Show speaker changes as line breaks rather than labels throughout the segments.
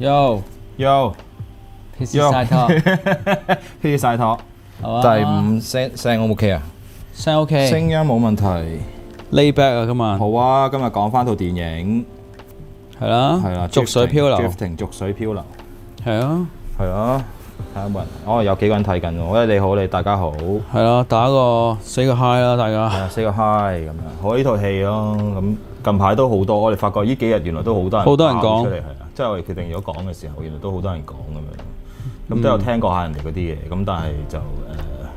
Yo，Yo，Pizzy SideTalk，Pizzy SideTalk，好啊。第五聲聲，我 OK 啊，
聲 OK，聲音
冇問題。Lay back 啊，今日好啊，今日講翻套電影，係啦，係啦，濁水漂流，濁水漂流，係啊，係啊，睇下有冇人。哦，有幾個人睇緊喎。喂，你好，你大家好，係啊，打個 say 個 hi 啦，大家。係 say 個 hi 咁樣，好呢套戲咯，咁近排都好多，我哋發覺呢幾日原來都好多人好多人講出嚟，係啊。即係我哋決定咗果講嘅時候，原來都好多人講咁樣。咁都有聽過下人哋嗰啲嘢。咁但係就誒、呃，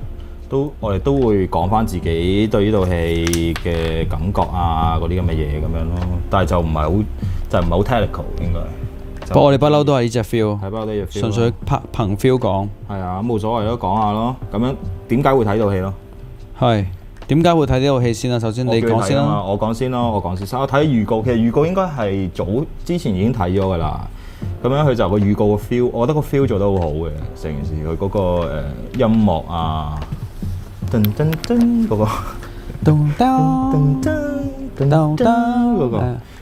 都我哋都會講翻自己對呢套戲嘅感覺啊，嗰啲咁嘅嘢咁樣咯。但係就唔係好，就唔、係、係好 technical 應該。不過我哋不嬲都係呢隻 feel，睇翻我哋純粹拍憑 feel 講。係啊，冇所謂咯，講下咯。咁樣點解會睇到戲咯？係。
點
解會睇呢部戲
先啊？首先你講先啦，我
講先咯，我講先。我睇預告，其實預告應該係早之前已經睇咗噶啦。咁樣佢就個預告個 feel，我覺得個 feel 做得好好嘅。成件事佢嗰個誒音樂啊，噔噔噔嗰個，噔噔噔噔噔嗰個。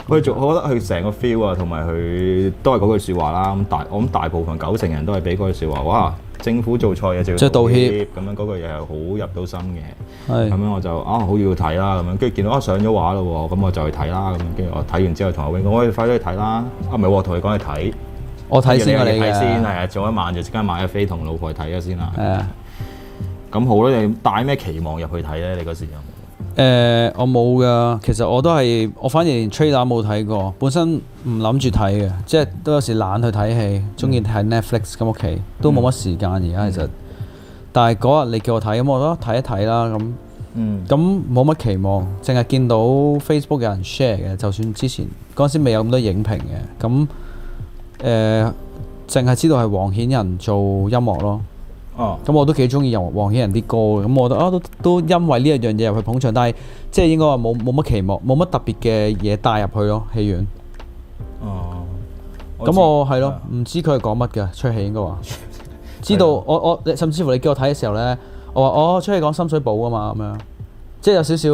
佢我覺得佢成個 feel 啊，同埋佢都係嗰句説話啦。咁大，我諗大部分九成人都係俾嗰句説話。哇，政府做錯嘢就要道歉，咁歉樣嗰句又係好入到心嘅。咁是樣我就啊，好要睇啦。咁樣跟住見到啊上咗畫嘞，咁我就去睇啦。咁跟住我睇完之後，同阿永講：喂，快啲去睇啦！啊，咪喎，同佢講去睇。我睇先，你睇先係啊，做一晚就即刻買咗飛同老婆去睇下先啦。咁的好你帶咩期望入去睇咧？你嗰時。
誒、呃，我冇噶，其實我都係，我反而連 trailer 冇睇過，本身唔諗住睇嘅，即係都有時懶去睇戲，中意睇 Netflix 咁屋企，都冇乜時間而家其實。嗯、但係嗰日你叫我睇，咁我都睇一睇啦，咁，嗯，咁冇乜期望，淨係見到 Facebook 有人 share 嘅，就算之前嗰陣時未有咁多影評嘅，咁，誒、呃，淨係知道係黃衍仁做音樂咯。哦，咁我都幾中意由黃衍仁啲歌嘅，咁我都啊都都因為呢一樣嘢入去捧場，但係即係應該話冇冇乜期望，冇乜特別嘅嘢帶入去咯戲院。哦、嗯，咁我係咯，唔的知佢係講乜嘅出戲應該話， 知道的我我甚至乎你叫我睇嘅時候呢，我話我出去講深水埗啊嘛咁樣，即係有少少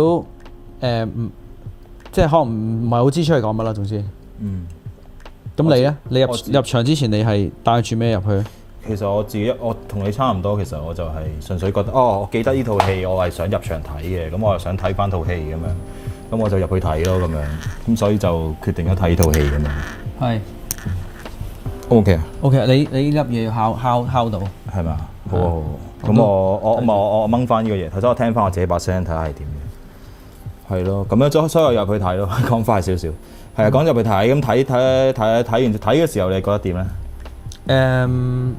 誒即係可能唔唔係好知出去講乜啦總之，嗯，咁你呢？你入你入場之前你係帶住咩入去？
其實我自己我同你差唔多，其實我就係純粹覺得哦，我記得呢套戲，我係想入場睇嘅，咁我係想睇翻套戲咁樣，咁我就入去睇咯咁樣，咁所以就決定咗睇呢套戲咁樣。係是。O K O K，你你呢粒嘢要敲敲敲到係咪？好，咁是我我看 我掹翻呢個嘢。頭先我聽翻我自己把聲，睇下係點嘅。係咯，咁樣所以我入去睇咯，講快少少。係啊，講入去睇，咁睇睇睇睇完睇嘅時候，你覺得點咧？誒、嗯。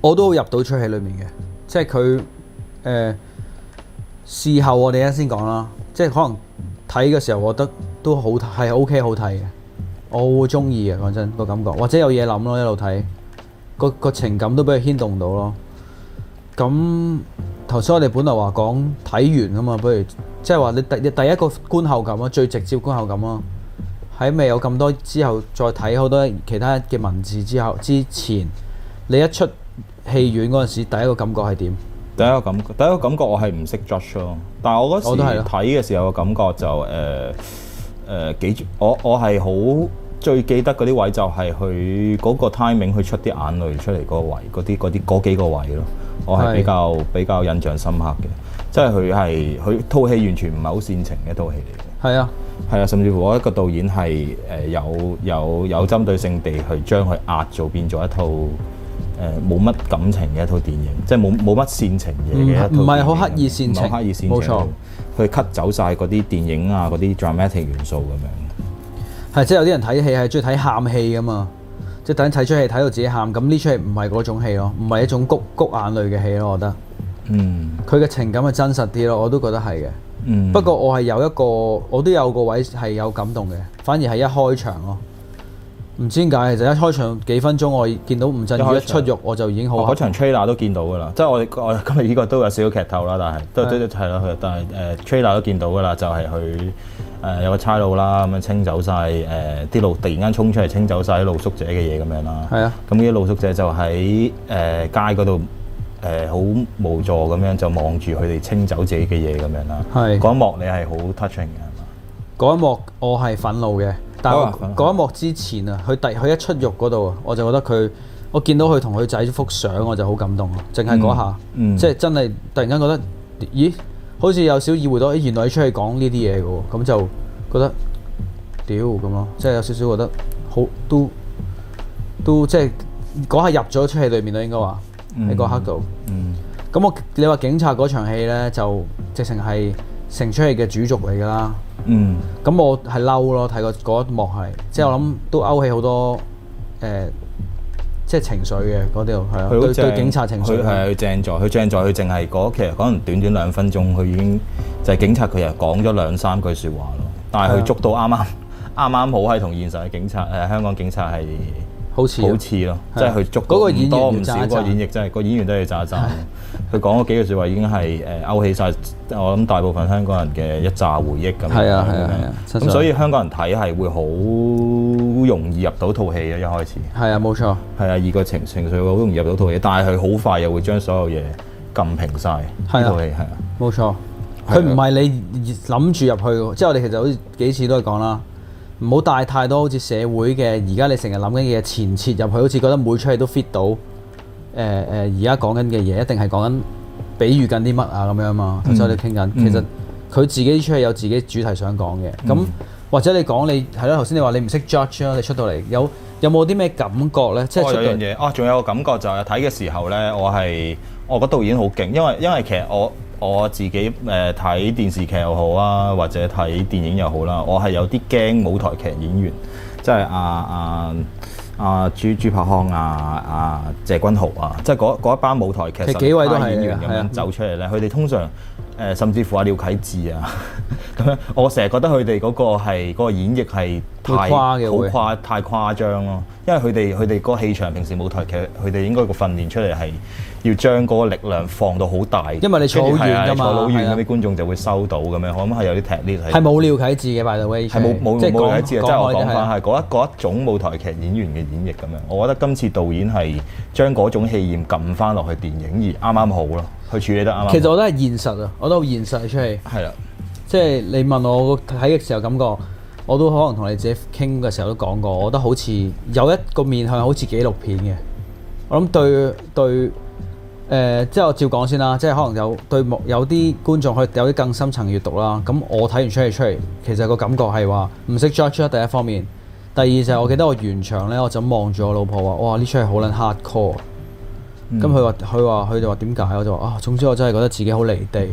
我都入到出戲裏面嘅，即係佢、呃、
事後我哋一陣先講啦，即係可能睇嘅時候，我覺得都好係 O K 好睇嘅，我好中意啊，講真個感覺，或者有嘢諗咯，一路睇個個情感都俾佢牽動到咯。咁頭先我哋本來話講睇完啊嘛，不如即係話你第第一個觀後感啊，最直接觀後感啊，喺未有咁多之後再睇好多其他嘅文字之後之前，
你一出。戲院嗰陣時，第一個感覺係點？第一個感覺，第一個感覺我係唔識 judge 咯。但係我嗰時睇嘅時候個感覺就誒誒、呃、幾，我我係好最記得嗰啲位就係佢嗰個 timing 去出啲眼淚出嚟個位，嗰啲嗰啲嗰幾個位咯。我係比較是比較印象深刻嘅，即係佢係佢套戲完全唔係好煽情嘅一套戲嚟嘅。係啊，係啊，甚至乎我一個導演係誒、呃、有有有針對性地去將佢壓做變咗一套。誒冇乜感情嘅一套電影，即係冇冇乜煽情嘅，唔係好刻意煽情，冇刻意煽情，冇錯。佢吸走晒嗰啲電影啊嗰啲 dramatic 元素咁樣。
係即係有啲人睇戲係中意睇喊戲㗎嘛，即係等睇出戲睇到自己喊。咁呢出戲唔係嗰種戲咯，唔係一種谷谷眼淚嘅戲咯，我覺得。嗯。佢嘅情感係真實啲咯，我都覺得係嘅。嗯。不過我係有一個，我都有個位係有感動嘅，反而係一開場咯。唔知點解，其實一開場幾分鐘我見到吳鎮宇一出獄，我
就已經好。嗰、哦、場 trailer 都見到㗎啦，即係我哋今日呢個都有少少劇透啦，但係都都係咯，但係誒、呃、trailer 都見到㗎啦，就係佢誒有個差佬啦，咁樣清走晒誒啲路，突然間衝出嚟清走晒啲露宿者嘅嘢咁樣啦。係啊的，咁啲露宿者就喺誒、呃、街嗰度誒好無助咁樣就望住佢哋清走自己嘅嘢咁樣啦。係嗰一幕你係好 touching 嘅。的嗰一幕我係憤怒嘅，
但係嗰、啊、一幕之前啊，佢第佢一,一出獄嗰度，我就覺得佢我見到佢同佢仔幅相，我就好感動啊。淨係嗰下，嗯嗯、即係真係突然間覺得咦，好似有少少意會到，原來你出去講呢啲嘢嘅喎，咁就覺得屌咁咯，即係有少少覺得好都都即係嗰下入咗出戲裏面啦，應該話喺嗰刻度、嗯。嗯，咁、嗯、我你話警察嗰場戲呢，就直情係成出戲嘅主軸嚟㗎啦。嗯嗯，咁我係嬲咯，睇過嗰一幕係，即係我諗都勾起好多誒、呃，即係情緒嘅嗰條係啊，對對警察情緒係佢
正在，佢正在、那個，佢淨係嗰其實可能短短兩分鐘，佢已經就係、是、警，的警察，佢又講咗兩三句說話咯。但係佢捉到啱啱啱啱好係同現實嘅警察誒，香港警察係的好似好似咯，即係佢捉到唔多唔少個演繹，真係的個演員都係渣渣。佢講嗰幾句説話已經係誒勾起晒我諗大部分香港人嘅一紮回憶咁。係啊係啊係啊。咁、啊啊啊、所以香港人睇係會好容易入到套戲啊。一開始。係啊，冇錯。係啊，二個情情緒會好容易入到套戲，但係佢好快又會將所有嘢撳平曬套戲係啊。冇、啊、錯，
佢唔係你諗住入去嘅，即係我哋其實好似幾次都係講啦，唔好帶太多好似社會嘅，而家你成日諗緊嘅嘢前設入去，好似覺得每出戲都 fit 到。誒誒，而家講緊嘅嘢一定係講緊比喻緊啲乜啊咁樣啊！頭先、嗯、我哋傾緊，嗯、其實佢自己出去有自己主題想講嘅。咁、嗯、或者你講你係咯，頭先你話你唔識 judge 啊，你出到嚟有有冇啲咩感覺咧？即係出有樣
嘢哦，仲有、啊、有個感覺就係睇嘅時候咧，我係我覺得導演好勁，因為因為其實我我自己誒睇、呃、電視劇又好啊，或者睇電影又好啦，我係有啲驚舞台劇演員，即係阿阿。啊啊啊，朱朱柏康啊，啊，謝君豪啊，即係嗰嗰一班舞台劇，其實幾位都係演員咁樣走出嚟咧。佢哋通常誒、呃，甚至乎阿、啊、廖啟智啊，咁 樣。我成日覺得佢哋嗰個係嗰、嗰個演繹係。太好誇，太誇張咯！因為佢哋佢哋嗰個氣場，平時舞台劇佢哋應該個訓練出嚟係要將嗰個力量放到好大，因為你坐好遠㗎嘛，坐好遠咁啲觀眾就會收到咁樣，我諗係有啲踢裂係。係冇
廖啟智嘅 by the way，係冇冇冇廖啟智，即係講翻係
嗰一嗰一種舞台劇演員嘅演繹咁樣。我覺得今次導演係將嗰種氣焰撳翻落去電影而啱啱好咯，去處理得啱。其實我覺
得係現實啊，我覺得好現實出嚟，係啦，即係你問我睇嘅時候感覺。我都可能同你自己傾嘅時候都講過，我覺得好似有一個面向好似紀錄片嘅。我諗對對誒、呃，即係我照講先啦。即係可能有對目有啲觀眾去有啲更深層嘅閲讀啦。咁我睇完出嚟出嚟，其實個感覺係話唔識 judge 出第一方面。第二就係我記得我完場呢，我就望住我老婆話：哇呢出係好撚 hard core、嗯。咁佢話佢話佢就話點解？我就話啊，總之我真係覺得自己好離地，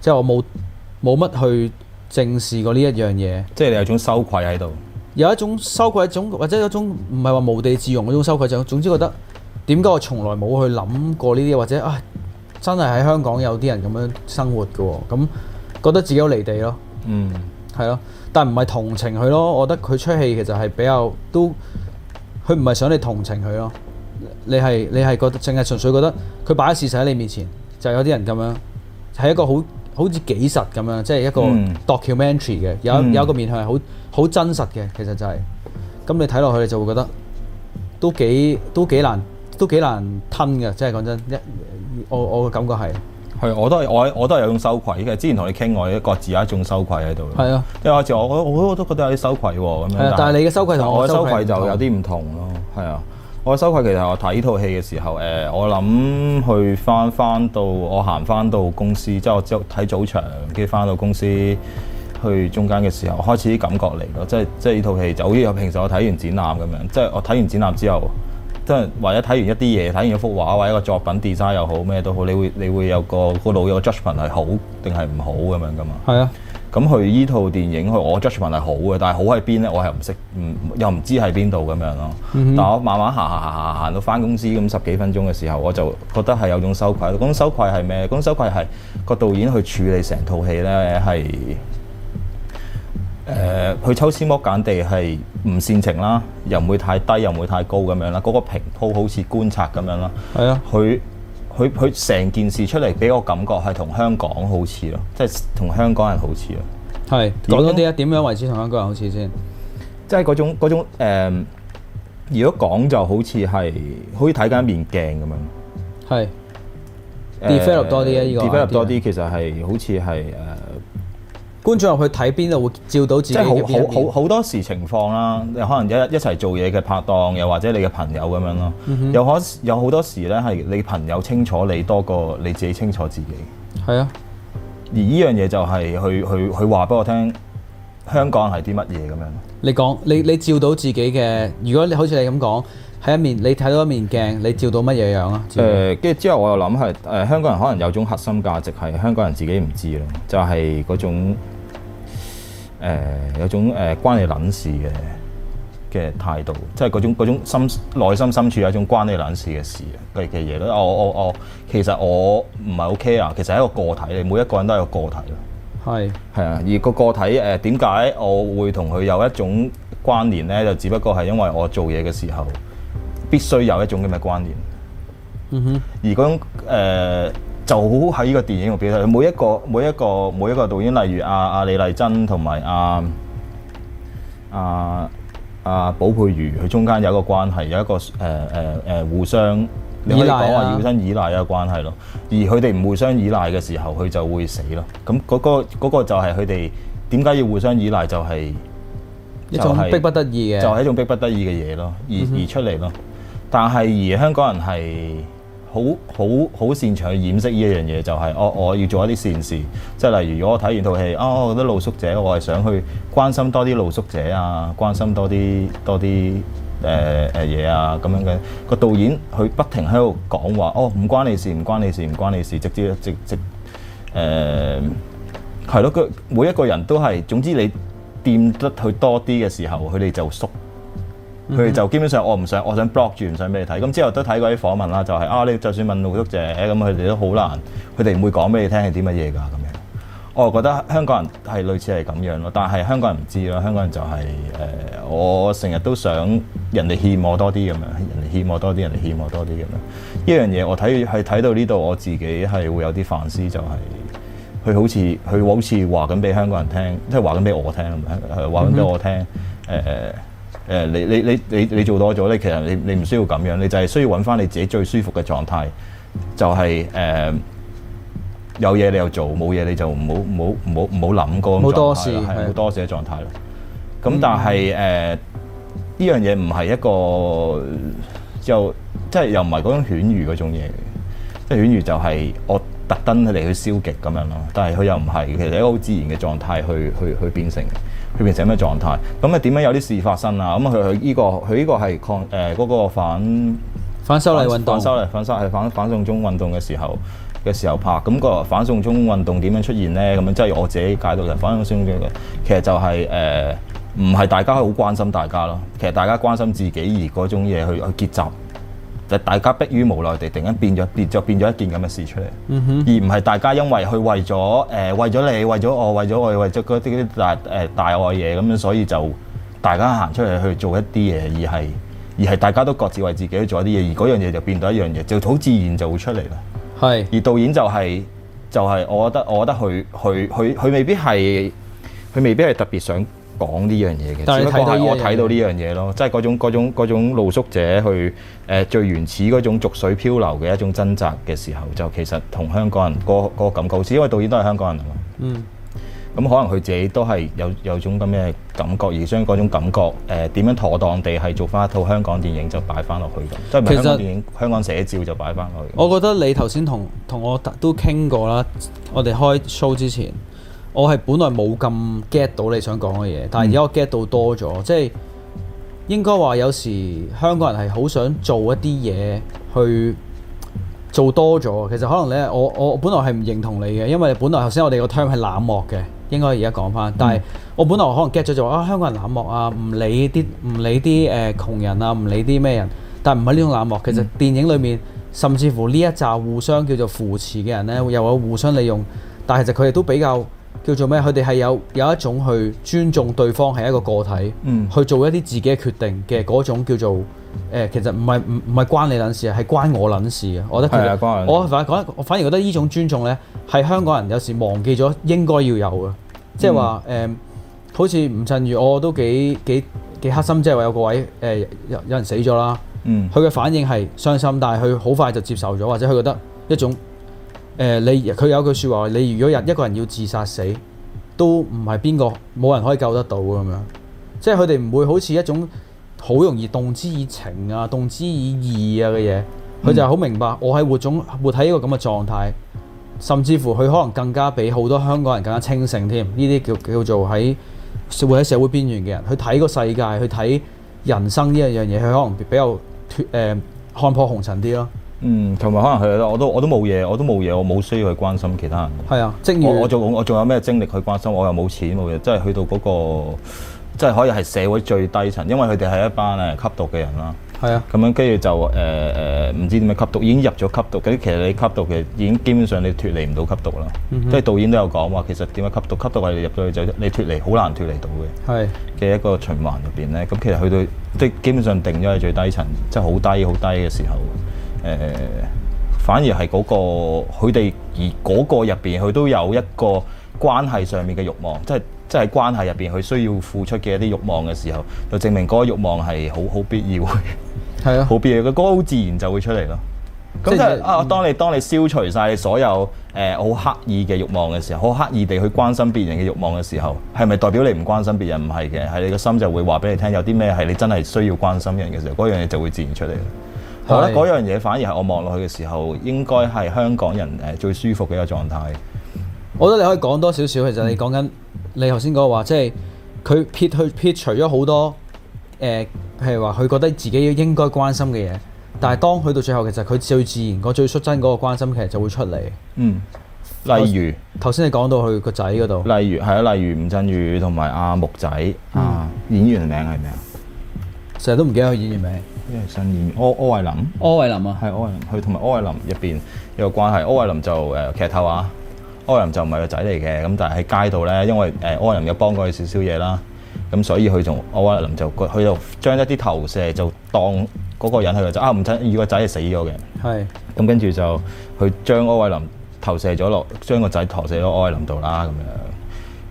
即係我冇冇乜去。正視過呢一樣嘢，即係你有種羞愧喺度，有一種羞愧，一種或者有一種唔係話無地自容嗰種羞愧，就總之覺得點解我從來冇去諗過呢啲，或者啊、哎，真係喺香港有啲人咁樣生活㗎喎，咁、嗯嗯、覺得自己好離地咯，
嗯，
係咯，但唔係同情佢咯，我覺得佢出戲其實係比較都，佢唔係想你同情佢咯，你係你係覺得淨係純粹覺得佢擺喺事實喺你面前，就係、有啲人咁樣係一個好。好似紀實咁樣，即係一個 documentary 嘅，有、嗯、有一個面向係好好真實嘅。其實就係、是、咁，你睇落去你就會覺得都幾都幾難都幾難吞嘅。即係講真，一我我嘅感覺係
係我都係我我都係有種羞愧嘅。之前同你傾我一各自有，一種羞愧喺度。係啊，因為有時我我都覺得有啲羞愧喎。咁樣、啊、但係是你嘅羞愧同我嘅羞愧就有啲唔同咯。係啊。我收穫其實我睇呢套戲嘅時候，誒、呃，我諗去翻翻到我行翻到公司，即係我只睇早場，跟住翻到公司去中間嘅時候，開始啲感覺嚟咯。即係即係呢套戲就好似我平時我睇完展覽咁樣，即係我睇完展覽之後，即係或者睇完一啲嘢，睇完一幅畫或者一個作品 design 又好咩都好，你會你會有個有個腦有 judgement 係好定係唔好咁樣噶嘛？係啊。咁佢依套電影，佢我 judgment 係好嘅，但係好喺邊咧？我係唔識，唔又唔知喺邊度咁樣咯。嗯、哼但我慢慢行行行行行到翻公司咁十幾分鐘嘅時候，我就覺得係有種羞愧。嗰種羞愧係咩？嗰種羞愧係個導演去處理成套戲咧，係誒去抽絲剝繭地係唔煽情啦，又唔會太低，又唔會太高咁樣啦。嗰、嗰個平鋪好似觀察咁樣啦。係啊，佢。佢佢成件事出嚟俾我感覺係同香港好似咯，即係同香港人好似咯。係講多啲
啊，點樣為之同香港人好似先？
即係嗰種嗰種、呃、如果講就好似係可以睇緊一面鏡咁樣。係是。
呃、develop 多啲啊！呢、呢個 develop 多
啲，其實係好似係誒。呃
觀眾入去睇邊度會照到自己？即係好好好，好多
時情況啦，可能一一齊做嘢嘅拍檔，又或者你嘅朋友咁樣咯。又可、嗯、哼有好多時咧，係你朋友清楚你多過你自己清楚自己。係啊，而呢樣嘢就係佢佢佢話俾我聽，香港係啲乜嘢咁樣你？你講你你照到自己嘅，如果你好似你咁講，喺一面你睇到一面鏡，你照到乜嘢樣啊？誒、呃，跟住之後我又諗係誒香港人可能有種核心價值係香港人自己唔知啦，就係、是、嗰種誒、呃、有種誒、呃、關你撚事嘅嘅態度，即係嗰種嗰種心，內心深處有一種關你撚事嘅事嘅嘅嘢咯。我我我其實我唔係 OK 啊，其實係一個個體，你每一個人都係個個體咯。係係啊，而個個體誒點解我會同佢有一種關聯咧？就只不過係因為我做嘢嘅時候必須有一種咁嘅關聯。嗯哼、mm，hmm. 而嗰種、呃就好喺呢個電影度表達，每一個每一個每一個導演，例如阿、啊、阿、啊、李麗珍同埋阿阿阿寶珮如，佢中間有一個關係，有一個誒誒誒互相，依賴啊、你可以講話互相依賴一個關係咯。而佢哋唔互相依賴嘅時候，佢就會死咯。咁嗰、那個嗰、那個就係佢哋點解要互相依賴、就是，
就係、是、一種逼不得
已嘅，就係一種逼不得已嘅嘢咯，而而出嚟咯。但係而香港人係。好好好擅長去掩飾呢一樣嘢，就係我我要做一啲善事，即係例如如果我睇完套戲，哦，我覺得露宿者，我係想去關心多啲露宿者啊，關心多啲多啲誒誒嘢啊咁樣嘅個導演，佢不停喺度講話，哦，唔關你事，唔關你事，唔關你事，直接直直誒，係，呃，咯，佢每一個人都係總之你掂得佢多啲嘅時候，佢哋就縮。佢哋就基本上我唔想，我想 block 住唔想俾你睇。咁之後都睇過啲訪問啦，就係、是、啊，你就算問陸旭姐，咁，佢哋都好難，佢哋唔會講俾你聽係啲乜嘢㗎咁樣。樣我覺得香港人係類似係咁樣咯，但係香港人唔知咯。香港人就係、是、誒、呃，我成日都想人哋欠我多啲咁樣，人哋欠我多啲，人哋欠我多啲咁樣。呢樣嘢我睇係睇到呢度，我自己係會有啲反思、就是，就係佢好似佢好似話緊俾香港人聽，即係話緊俾我聽，話緊俾我聽誒。誒你你你你你做多咗咧，其實你你唔需要咁樣，你就係需要揾翻你自己最舒服嘅狀態，就係、是、誒、呃、有嘢你又做，冇嘢你就唔好唔好唔好唔好諗過咁，好多事，好多事嘅狀態啦。咁的但係誒呢樣嘢唔係一個就即又即係又唔係嗰種犬儒嗰種嘢，即、就、係、是、犬儒就係我特登嚟去消極咁樣咯。但係佢又唔係，其實一個好自然嘅狀態去去去，去變成。佢變成咩狀態？咁啊點樣有啲事發生啊？咁佢佢依個佢依個係抗，誒嗰個反反修例運動，反修例反修，係反反送中運動嘅時候嘅時候拍咁個反送中運動點樣出現咧？咁樣即係我自己解讀就反送中嘅，其實就係誒唔係大家好關心大家咯，其實大家關心自己而嗰種嘢去去結集。就大家迫於無奈地，突然間變咗，變就變咗一件咁嘅事出嚟，嗯、哼而唔係大家因為佢為咗誒、呃，為咗你，為咗我，為咗我，為咗嗰啲啲大誒、呃、大愛嘢咁樣，所以就大家行出嚟去做一啲嘢，而係而係大家都各自為自己去做一啲嘢，而嗰樣嘢就變到一樣嘢，就好自然就會出嚟啦。係是。而導演就係、是、就係、是、我覺得，我覺得佢佢佢佢未必係佢未必係特別想。講呢樣嘢嘅，只不過係我睇到呢樣嘢咯，即係嗰種嗰種，種，種露宿者去誒、呃、最原始嗰種濁水漂流嘅一種掙扎嘅時候，就其實同香港人個、嗯、個感覺好似，因為導演都係香港人啊嘛。嗯，嗯。咁可能佢自己都係有有種咁嘅感覺，而將嗰種感覺誒點、呃、樣妥當地係做翻一套香港電影就擺翻落去，即係唔係香港電影其實 香港寫照就擺翻落去。
我覺得你頭先同同我都傾過啦，我哋開 show 之前。我係本來冇咁 get 到你想講嘅嘢，但係而家我 get 到多咗，嗯、即係應該話有時香港人係好想做一啲嘢去做多咗。其實可能咧，我我本來係唔認同你嘅，因為本來頭先我哋個 term 係冷漠嘅，應該而家講返。嗯、但係我本來可能 get 咗就話啊，香港人冷漠啊，唔理啲唔理啲誒、呃、窮人啊，唔理啲咩人。但係唔係呢種冷漠，其實電影裏面甚至乎呢一紮互相叫做扶持嘅人咧，又有互相利用，但係其實佢哋都比較，叫做咩？佢哋係有有一種去尊重對方係一個個體，嗯、去做一啲自己嘅決定嘅嗰種叫做誒、呃，其實唔係唔唔係關你撚事啊，係關我撚事嘅。我覺得其實我反覺得我反而覺得呢種尊重咧，係香港人有時忘記咗應該要有嘅，即係話誒，好似吳鎮宇，我都幾幾幾黑心，即係話有個位誒、呃、有有人死咗啦，佢嘅、嗯、反應係傷心，但係佢好快就接受咗，或者佢覺得一種。誒、呃、你佢有句説話，你如果人一個人要自殺死，都唔係邊個冇人可以救得到咁樣。即係佢哋唔會好似一種好容易動之以情啊、動之以義啊嘅嘢，佢就係好明白我喺活種活喺一個咁嘅狀態，甚至乎佢可能更加比好多香港人更加清醒添。呢啲叫叫做喺社會喺社會邊緣嘅人，去睇個世界，去
睇人生呢一樣嘢，佢可能比較脱誒、呃、看破紅塵啲咯。嗯，同埋可能係咯，我都我都冇嘢，我都冇嘢，我冇需要去關心其他人。
係啊，即我我
仲我仲有咩精力去關心？我又冇錢冇嘢，即係去到嗰、嗰個，即係可以係社會最低層，因為佢哋係一班誒吸毒嘅人啦。係啊，咁樣跟住就誒誒，唔、呃、知點樣吸毒已經入咗吸毒。啲其實你吸毒其實已經基本上你脱離唔到吸毒啦。即係、嗯、哼導演都有講話，其實點樣吸毒吸毒係入到去就你脱離好難脱離到嘅。係嘅一個循環入邊咧，咁其實去到即基本上定咗係最低層，即係好低好低嘅時候。誒、呃，反而係嗰、那個佢哋，而嗰個入邊佢都有一個關係上面嘅慾望，即係即係關係入邊佢需要付出嘅一啲慾望嘅時候，就證明嗰個慾望係好好必要嘅，係啊的，好 必要嘅，嗰、那個好自然就會出嚟咯。
咁就是、
即是啊，當你當你消除晒你所有誒好、呃、刻意嘅慾望嘅時候，好刻意地去關心別人嘅慾望嘅時候，係咪代表你唔關心別人唔係嘅？係你個心就會話俾你聽，有啲咩係你真係需要關心人嘅時候，嗰樣嘢就會自然出嚟。我覺得嗰樣嘢反而係我望落去嘅時候，應該係香港人誒最舒服嘅一個狀態。我覺得你可以講多
少少，其實你講緊、嗯、你頭先講話，即係佢撇去撇除咗好多誒、呃，譬如話佢覺得自己應該關心嘅嘢，但係當去到最後，其實佢最自
然、個最率真嗰個關心其實就會出嚟。嗯，例如頭先你講到佢個仔嗰度，例如係啊，例如吳鎮宇同埋阿木仔、嗯、啊，演員名係咩啊？成日都唔記得佢演員名。因為信任柯柯慧林柯慧林啊，係柯慧林。佢同埋柯慧林入邊有個關係。柯慧林就誒劇透啊，柯慧林就唔係個仔嚟嘅。咁但係喺街度咧，因為誒柯慧林有幫過佢少少嘢啦，咁所以佢同柯慧林就佢就將一啲投射就當嗰個人係個仔啊，唔准而個仔係死咗嘅。係咁跟住就佢將柯慧林投射咗落，將個仔投射咗柯慧林度啦，咁樣。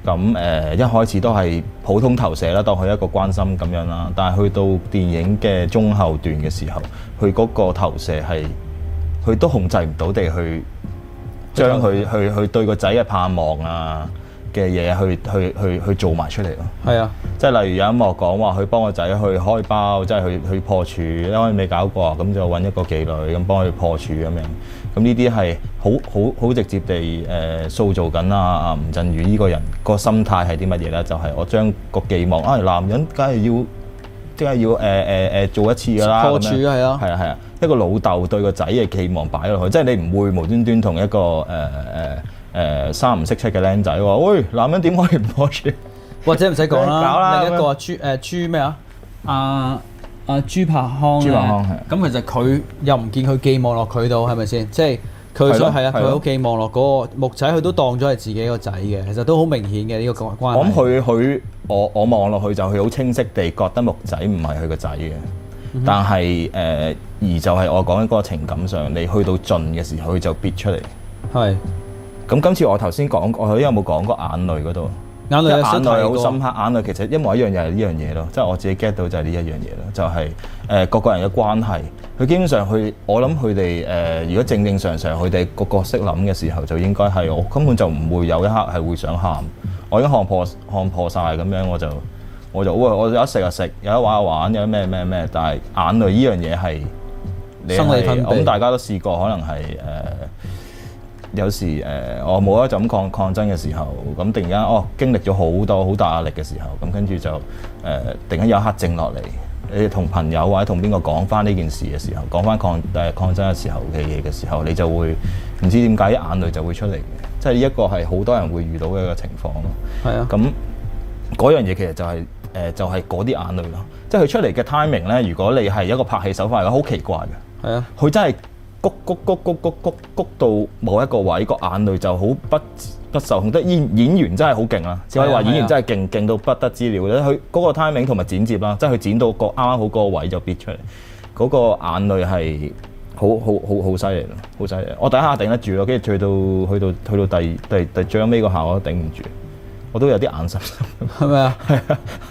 咁誒、呃，一開始都係普通投射啦，當佢一個關心咁樣啦。但係去到電影嘅中後段嘅時候，佢嗰個投射係，佢都控制唔到地去將佢去去對個仔嘅盼望啊嘅嘢去去去去做埋出嚟咯。係啊，即係例如有一幕講話，佢幫個仔去開包，即係去去破處。因為未搞過，咁就揾一個妓女咁幫佢破處咁樣。咁呢啲係好好好直接地誒、呃、塑造緊啊。阿吳振宇呢個人個心態係啲乜嘢咧？就係、是、我將個寄望，哎、啊、男人梗係要，即係要誒誒誒做一次㗎啦咁處樣。係啊係啊，一個老豆對個仔嘅寄望擺落去，即係你唔會無端端同一個誒誒誒三唔識七嘅僆仔喎。喂、欸，男人點可以唔破處？或者唔使講啦，另一個 G 誒
G 咩啊？啊、呃！呃呃呃呃呃阿、啊、朱柏康、朱柏康咧，咁其實佢又唔見佢寄望落佢度，係咪先？即係佢所係啊，佢好寄望落嗰個木仔，佢都當咗係自己個仔嘅。其實都好明顯嘅呢個關係。咁佢
佢，我我望落去就佢好清晰地覺得木仔唔係佢個仔嘅。嗯、哼但係誒、呃，而就係我講緊嗰個情感上，你去到盡嘅時候，佢就必出嚟。係的。咁今次我頭先講，我有冇講過眼淚嗰度？眼淚係好深刻，眼淚其實一模一樣又係呢樣嘢咯，即係我自己 get 到就係呢一樣嘢咯，就係誒各個人嘅關係，佢基本上佢我諗佢哋誒如果正正常常佢哋個個識諗嘅時候，就應該係我根本就唔會有一刻係會想喊，我已經看破看破晒咁樣，我就我就，我就喂我有得食就食，有得玩就玩，有咩咩咩，但係眼淚呢樣嘢係
生理分泌，咁大
家都試過可能係誒。呃有時誒，我冇咧就咁抗抗爭嘅時候，咁、嗯、突然間哦，經歷咗好多好大壓力嘅時候，咁跟住就誒、呃，突然間有一刻靜落嚟，你同朋友或者同邊個講返呢件事嘅時候，講返抗誒抗爭嘅時候嘅嘢嘅時候，你就會唔知點解眼淚就會出嚟嘅，即係呢一個係好多人會遇到嘅一個情況咯。係啊，咁嗰樣嘢其實就係、是、誒、呃，就係嗰啲眼淚咯，即係佢出嚟嘅 timing 咧。如果你係一個拍戲手法嘅，好奇怪嘅。係啊，佢、啊、真係。谷谷谷谷谷谷谷到某一個位，個眼淚就好不不受控，得演演員真係好勁啦，是是只可以話演員真係勁勁到不得之了咧。佢嗰個 timing 同埋剪接啦，即係佢剪到個啱啱好個位就跌出嚟，嗰個眼淚係好好好好犀利咯，好犀利！我第一下頂得住咯，跟住去到去到去到第第第最尾個下我都頂唔住。我都有啲眼濕濕 嗎，係咪啊？係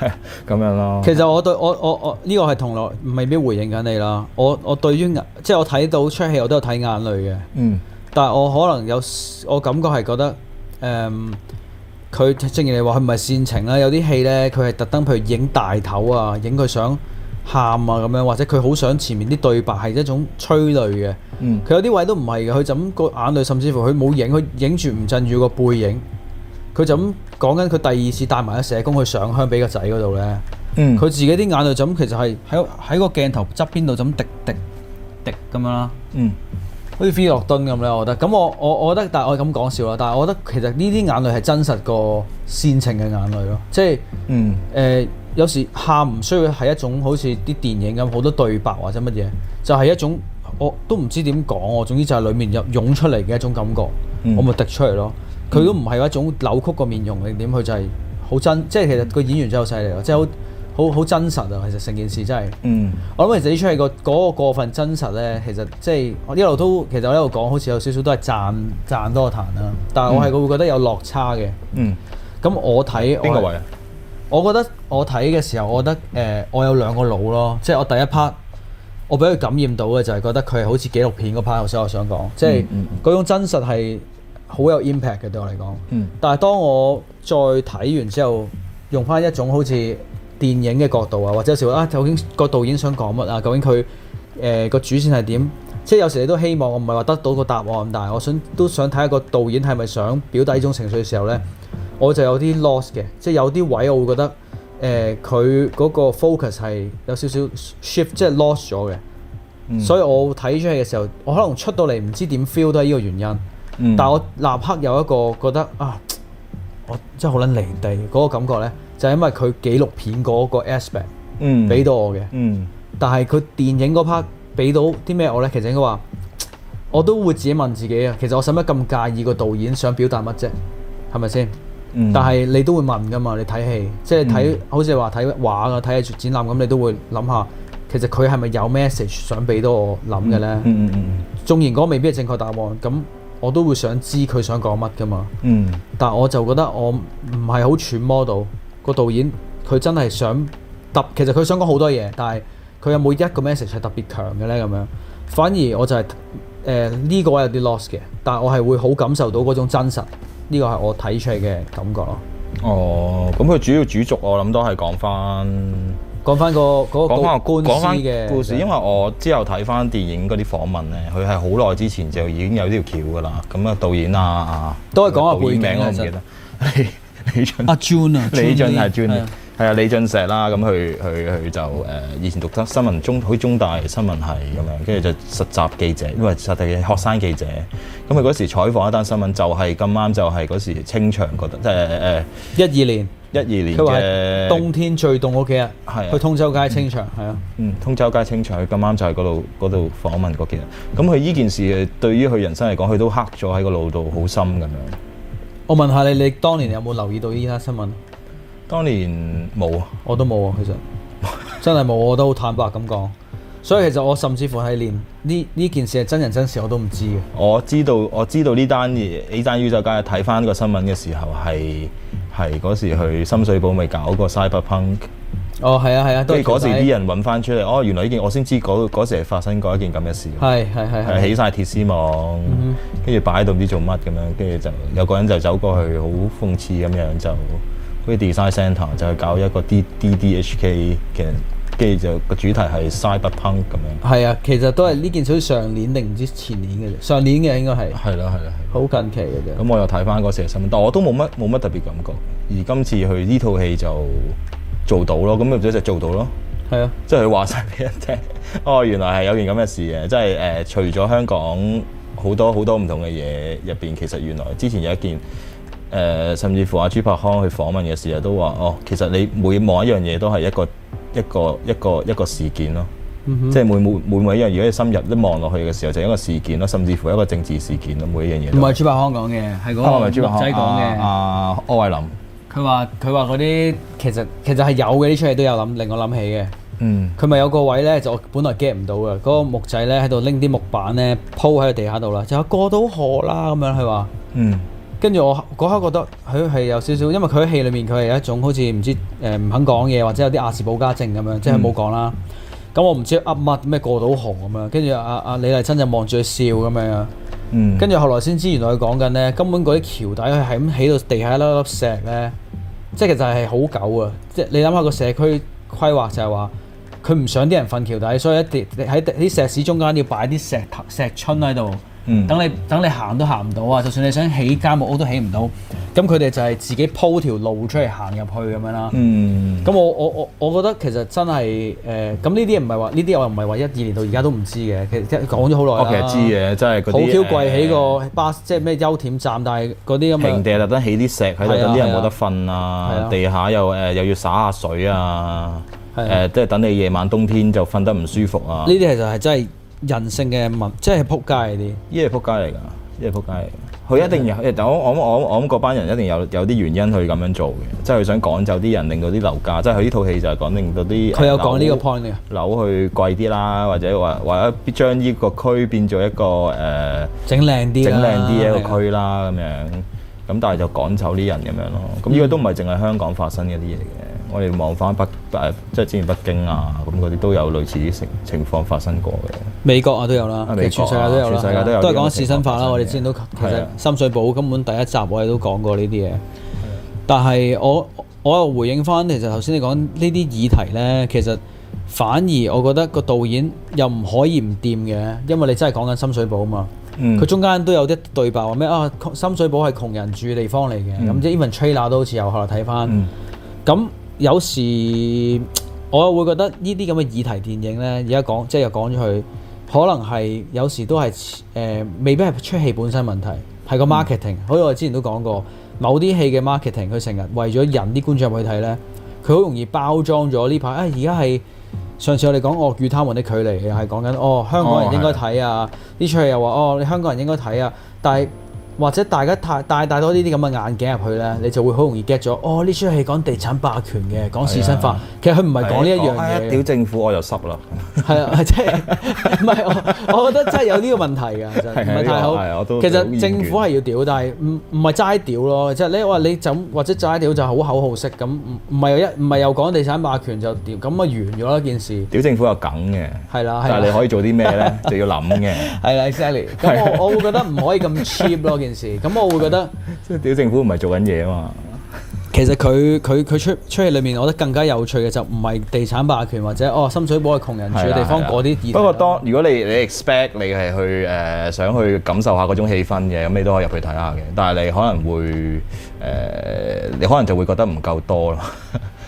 係咁樣咯。其實我對我
我我呢個係同來未必回應緊你啦。我我對於眼即係我睇到出戲，我都有睇眼淚嘅。嗯。但係我可能有我感覺係覺得誒，佢、嗯、正如你話，佢唔係煽情啦。有啲戲呢，佢係特登，譬如影大頭啊，影佢想喊啊咁樣，或者佢好想前面啲對白係一種催淚嘅。嗯。佢有啲位都唔係嘅，佢就咁個眼淚，甚至乎佢冇影，佢影住吳鎮宇個背影。佢就咁講緊，佢第二次帶埋個社工去上香俾個仔嗰度咧，佢、嗯、自己啲眼淚就咁，其實係喺喺個鏡頭側邊度咁滴滴滴咁樣啦。嗯，好似菲洛敦咁咧，我覺得。咁我我我覺得，但係我咁講笑啦。但係我覺得其實呢啲眼淚係真實過煽情嘅眼淚咯。即、就、係、是，嗯誒、呃，有時喊唔需要係一種好似啲電影咁好多對白或者乜嘢，就係、是、一種我都唔知點講喎。總之就係裡面有湧出嚟嘅一種感覺，嗯、我咪滴出嚟咯。佢都唔係一種扭曲個面容定點，佢就係好真，即係其實個演員真係好犀利，即係好好好真實啊！其實成件事真係，嗯，我諗其實呢齣戲個嗰個過分真實咧，其實即係我一路都其實我一路講好似有少少都係讚讚多個彈啦，但係我係會覺得有落差嘅，
嗯，
咁我睇邊個位啊？我覺得我睇嘅時候，我覺得誒、呃，我有兩個腦咯，即係我第一 part，我俾佢感染到嘅就係、是、覺得佢係好似紀錄片嗰 part，所以我想講，即係嗰、嗯嗯、種真實係。好有 impact 嘅對我嚟講，但係當我再睇完之後，用翻一種好似電影嘅角度啊，或者有時候啊，究竟個導演想講乜啊？究竟佢誒個主線係點？即係有時你都希望我唔係話得到個答案，但係我想都想睇下個導演係咪想表達呢種情緒嘅時候呢，我就有啲 lost 嘅，即係有啲位我會覺得誒佢嗰個 focus 係有少少 shift，即係 lost 咗嘅，嗯、所以我睇出去嘅時候，我可能出到嚟唔知點 feel 都係呢個原因。但係我立刻有一個覺得啊，我真係好撚離地嗰個感覺咧，就係、係、因為佢紀錄片嗰個 aspect 俾到、嗯、我嘅。但係佢電影嗰 part 俾到啲咩我咧，其實應該話我都會自己問自己啊。其實我使乜咁介意個導演想表達乜啫？係咪先？嗯、但係你都會問噶嘛？你睇戲即係睇、嗯、好似話睇畫啊、睇展覽咁，你都會諗下其實佢係咪有 message 想俾到我諗嘅咧？縱然嗰個未必係正確答案咁。我都會想知佢想講乜噶嘛，嗯、但我就覺得我唔係好揣摩到、個導演佢真係想揼，其實佢想講好多嘢，但係佢有冇一個 message 係特別強嘅呢？咁樣，反而我就係誒呢個有啲 lost 嘅，但係我係會好感受到嗰種真實，呢個係我睇出嚟嘅
感覺咯。哦，咁佢、嗯、主要主軸我諗都係講翻。講翻個講翻個官司嘅故事，因為我之後睇翻電影嗰啲訪問咧，佢係好耐之前就已經有呢條橋噶啦。咁啊，導演啊，都係講下背景，我唔記得。
李駿阿 Jun 啊，李駿係 Jun
啊，李駿碩啦。咁佢佢佢就誒以前讀得新聞中，好似中大新聞系咁樣，跟住就實習記者，因為實習學生記者。咁佢嗰時採訪一單新聞，就係咁啱，就係嗰時清場，覺得即係誒一二年。一二年嘅冬
天最凍嗰幾日，係的去通州街清
場，係啊、嗯，的嗯，通州街清場，佢咁啱就係嗰度嗰度訪問嗰幾日。咁佢依件事對於佢人生嚟講，佢都刻咗喺個腦度好深咁樣。我問下你，你當年有冇留意到依家新聞？當年冇啊，我都冇啊，其實真係冇，
我都好坦白咁講。所以其實我甚至乎係連呢呢件事係真人真事我都唔知
嘅。我知道我知道呢單嘢呢單宇宙街睇翻呢個新聞嘅時候係係嗰時去深水埗咪搞個 cyberpunk。哦，係啊係啊，都係嗰時啲人揾翻出嚟哦，原來呢件我先知嗰嗰時係發生過一件咁嘅事。係係係係起晒鐵絲網，跟住擺到唔知做乜咁樣，跟住就有個人就走過去，好諷刺咁樣就嗰啲 design center 就係搞一個 D D D H K 嘅。跟住就個主題係《Side Punk》咁樣，
係啊，其實都係呢件屬於上年定唔知前年
嘅啫。上年嘅應該係係啦，係啦、啊，好、啊啊、近期嘅啫。咁我又睇翻個時事新聞，但我都冇乜冇乜特別感覺。而今次去呢套戲就做到咯，咁或者就做到咯，係啊，即係佢話晒俾人聽。哦，原來係有件咁嘅事嘅，即係誒、呃，除咗香港好多好多唔同嘅嘢入邊，其實原來之前有一件誒、呃，甚至乎阿、啊、朱柏康去訪問嘅時候都話：哦，其實你每望一樣嘢都係一個。一個一個一個事件咯，嗯、哼即係每每每位一樣。而家深入一望落去嘅時候，就係一個事件咯，甚至乎一個政治事件咯。每一樣嘢唔
係朱柏康講嘅，係嗰個木仔講嘅。啊，啊，啊，
柯煒林，
佢話佢話嗰啲其實其實係有嘅。呢出戲都有諗，令我諗起嘅。嗯，佢咪有個位咧，就我本來 get 唔到嘅，嗰、那個木仔咧喺度拎啲木板咧鋪喺個地下度啦，就有過到河啦咁樣，佢話嗯。跟住我嗰刻覺得佢係有少少，因為佢喺戲裏面佢係一種好似唔知誒唔、呃、肯講嘢，或者有啲亞氏保加症咁樣，即係冇、mm. 嗯、講啦。咁我唔知噏乜咩過到河咁樣，跟住阿阿李麗珍就望住佢笑咁樣。嗯，跟住後來先知原來佢講緊呢，根本嗰啲橋底係咁起到地下一粒粒石呢，即係其實係好舊啊！即係你諗下個社區規劃就係話，佢唔想啲人瞓橋底，所以一跌喺啲石屎中間要擺啲石頭石春喺度。嗯、等你等你行都行唔到啊！就算你想起間木屋都起唔到，咁佢哋就係自己鋪條路出嚟行入去咁樣啦。嗯，咁我我我我覺得其實真係誒，咁呢啲唔係話呢啲我又唔係話一二年到而家都唔知嘅，其實講咗好耐其實知嘅，真係好 Q 貴起個巴，即係咩優恬站，但係嗰啲咁樣。嗯、平
地特登起啲石喺度，等啲人冇得瞓啊，啊啊地下又誒、呃、又要灑下水啊，誒、啊啊啊、即係等你夜晚冬天就瞓得唔舒服啊。呢啲、啊嗯、其
實係真係。人性嘅物，即係撲街嗰啲，
呢係撲街嚟㗎，呢係撲街嚟。佢一定有，但係的我我我我諗嗰班人一定有有啲原因去咁樣做嘅，即係佢想趕走啲人，令到啲樓價，即係佢呢套戲就係講令到啲，佢有講呢個 point 嘅：「樓去貴啲啦，或者或者或者將呢個區變做一個誒，呃、整靚啲，整靚啲一,一個區啦咁的樣。咁但係就趕走啲人咁樣咯。咁呢、嗯、個都唔係淨係香港發生嗰啲嘢嘅。我哋望翻北即係之前北京啊，咁嗰啲都有類似啲情情況發生過嘅。
美國啊都有啦，美全世界都有啦，全世界都有啦，都係講吧視身法啦。我哋之前都的其實《深水埗》根本第一集我哋都講過呢啲嘢，的但係我我又回應翻，其實頭先你講呢啲議題咧，其實反而我覺得個導演又唔可以唔掂嘅，因為你真係講緊《深水埗》嘛。佢中間都有啲對白話咩啊？《深水埗》係窮人住嘅地方嚟嘅，咁、嗯、即係 even trailer 都好似有後嚟睇翻。咁。嗯有時我又會覺得呢啲咁嘅議題電影呢，而家講即係又講咗佢，可能係有時都係誒、呃，未必係出戲本身問題，係個 marketing。好似、嗯、我之前都講過，某啲戲嘅 marketing，佢成日為咗引啲觀眾去睇呢，佢好容易包裝咗呢排。啊、哎，而家係上次我哋講《惡與他們的距離》又，其實係講緊哦，香港人應該睇啊。呢、哦、出戲又話哦，你香港人應該睇啊，但係。或者大家帶帶帶多呢啲咁嘅眼鏡入去咧，你就會好容易 get 咗哦！呢出戲講地產霸權嘅，講事身化，其實佢唔係講呢一樣嘢。屌
政府我就濕啦，係啊，
即係唔係？我覺得真係有呢個問題嘅，真係唔係太好。我都其實政府係要屌，但係唔唔係齋屌咯，即係你話你就或者齋屌就好口號式咁，唔唔係又一唔係又講地產霸權就屌，咁啊完咗一件
事。屌政府又梗嘅，係啦，但係你可以做啲咩咧？就要諗嘅。係啦，Sally，我我會覺得唔可以咁 cheap 咯。件事咁，我會覺得即係屌政府唔係做緊嘢啊嘛。
其實佢佢佢出出戲裏面，我覺得更加有趣嘅就唔係地產霸權或者哦深水埗係窮人住嘅地方嗰啲。
不過當如果你你 expect 你係去誒、呃、想去感受下嗰種氣氛嘅，咁你都可以入去睇下嘅。但係你可能會誒、呃，你可能就會覺得唔夠多咯。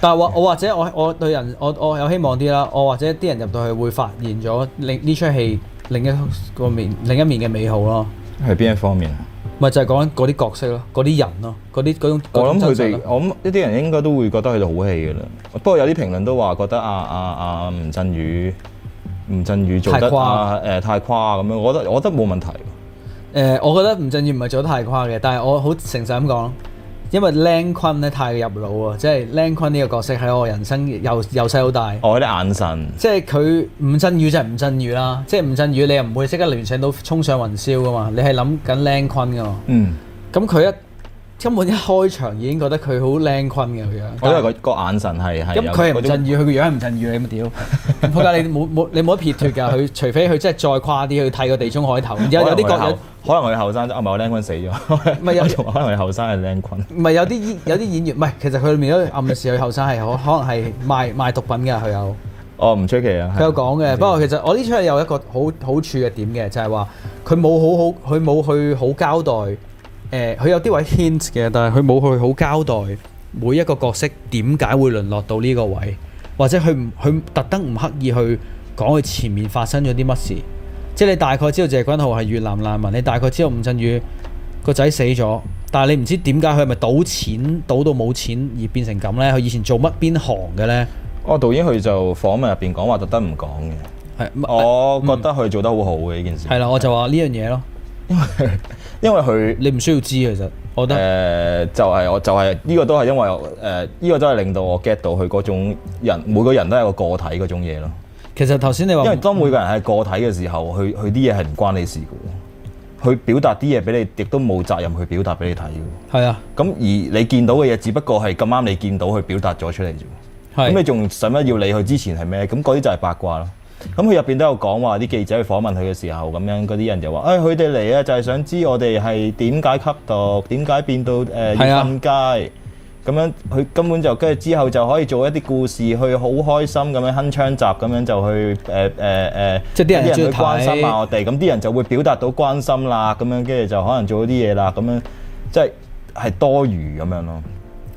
但係我我或者我我對人我我有希望啲啦。我或者啲人入到去會發現咗另呢出戲另一個面另一面嘅美好咯。
係邊一方面啊？
咪就係講嗰啲角色咯，嗰啲人咯，嗰啲嗰種我諗佢哋，實
我諗呢啲人應該都會覺得佢哋好戲噶啦。不過有啲評論都話覺得啊啊啊，啊吳鎮宇，吳鎮宇做得啊誒太誇咁樣，啊呃，我覺得我覺得冇問題。誒，
呃，我覺得吳鎮宇唔係做得太誇嘅，但係我好誠實咁講。因為靚坤咧太入腦啊，即係靚坤呢個角色喺我人生由由細到大。
我啲眼神，
即係佢吳鎮宇就係吳鎮宇啦，即係吳鎮宇你又唔會即刻聯想到衝上雲霄噶嘛，你係諗緊靚坤噶嘛。嗯，咁佢一。根本一開場已經覺得佢好靚坤嘅佢樣，因為佢
個眼神係係咁佢係唔襯語，佢個樣係唔襯語你咁屌，
唔好介你冇冇你冇得撇脱㗎，佢除非佢真係再誇啲去剃個地中海頭，有有啲角色
可能佢後生，唔係我靚坤死咗，唔係有可能佢後生
係靚坤，唔係有啲有啲演員唔係，其實佢裏面都暗示佢後生係可可能係賣賣毒品㗎，佢有
哦唔出奇啊，佢有
講嘅，不過其實我呢出係有一個好好處嘅點嘅，就係話佢冇好好佢冇去好交代。佢、欸、有啲位 hint 嘅，但係佢冇去好交代每一個角色點解會淪落到呢個位，或者佢唔佢特登唔刻意去講佢前面發生咗啲乜事，即、就、係、是、你大概知道謝君豪係越南難民，你大概知道吳鎮宇個仔死咗，但係你唔知點解佢係咪賭錢
賭到冇錢而變成咁呢？佢以前做乜邊行嘅呢？哦，導演佢就訪問入邊講話，特登唔講嘅。係、嗯，我覺得佢做得好好嘅呢件事。係啦、啊，我就話呢樣嘢咯，
因為。
因為佢你唔需要知其實，誒就係我覺得、呃，就係、是、呢、就係呢個都係因為誒呢、呃呢個都係令到我 get 到佢嗰種人每個人都係個個體嗰種嘢咯。其實頭先你話，因為當每個人係個體嘅時候，佢佢啲嘢係唔關你事嘅。佢表達啲嘢俾你，亦都冇責任去表達俾你睇。係是啊。咁而你見到嘅嘢，只不過係咁啱你見到佢表達咗出嚟啫。咁是、啊、你仲使乜要理佢之前係咩？咁嗰啲就係八卦啦。咁佢入邊都有講話，啲記者去訪問佢嘅時候，咁樣嗰啲人就話：誒、哎，佢哋嚟啊，就係想知我哋係點解吸毒，點解變到誒要撲街，咁、呃啊、樣佢根本就跟住之後就可以做一啲故事，去好開心咁樣鏗鏘集咁樣就去誒誒誒，即係啲人去關心下、啊、我哋，咁啲人，人就會表達到關心啦，咁樣跟住就可能做咗啲嘢啦，咁樣即係係多餘咁樣咯。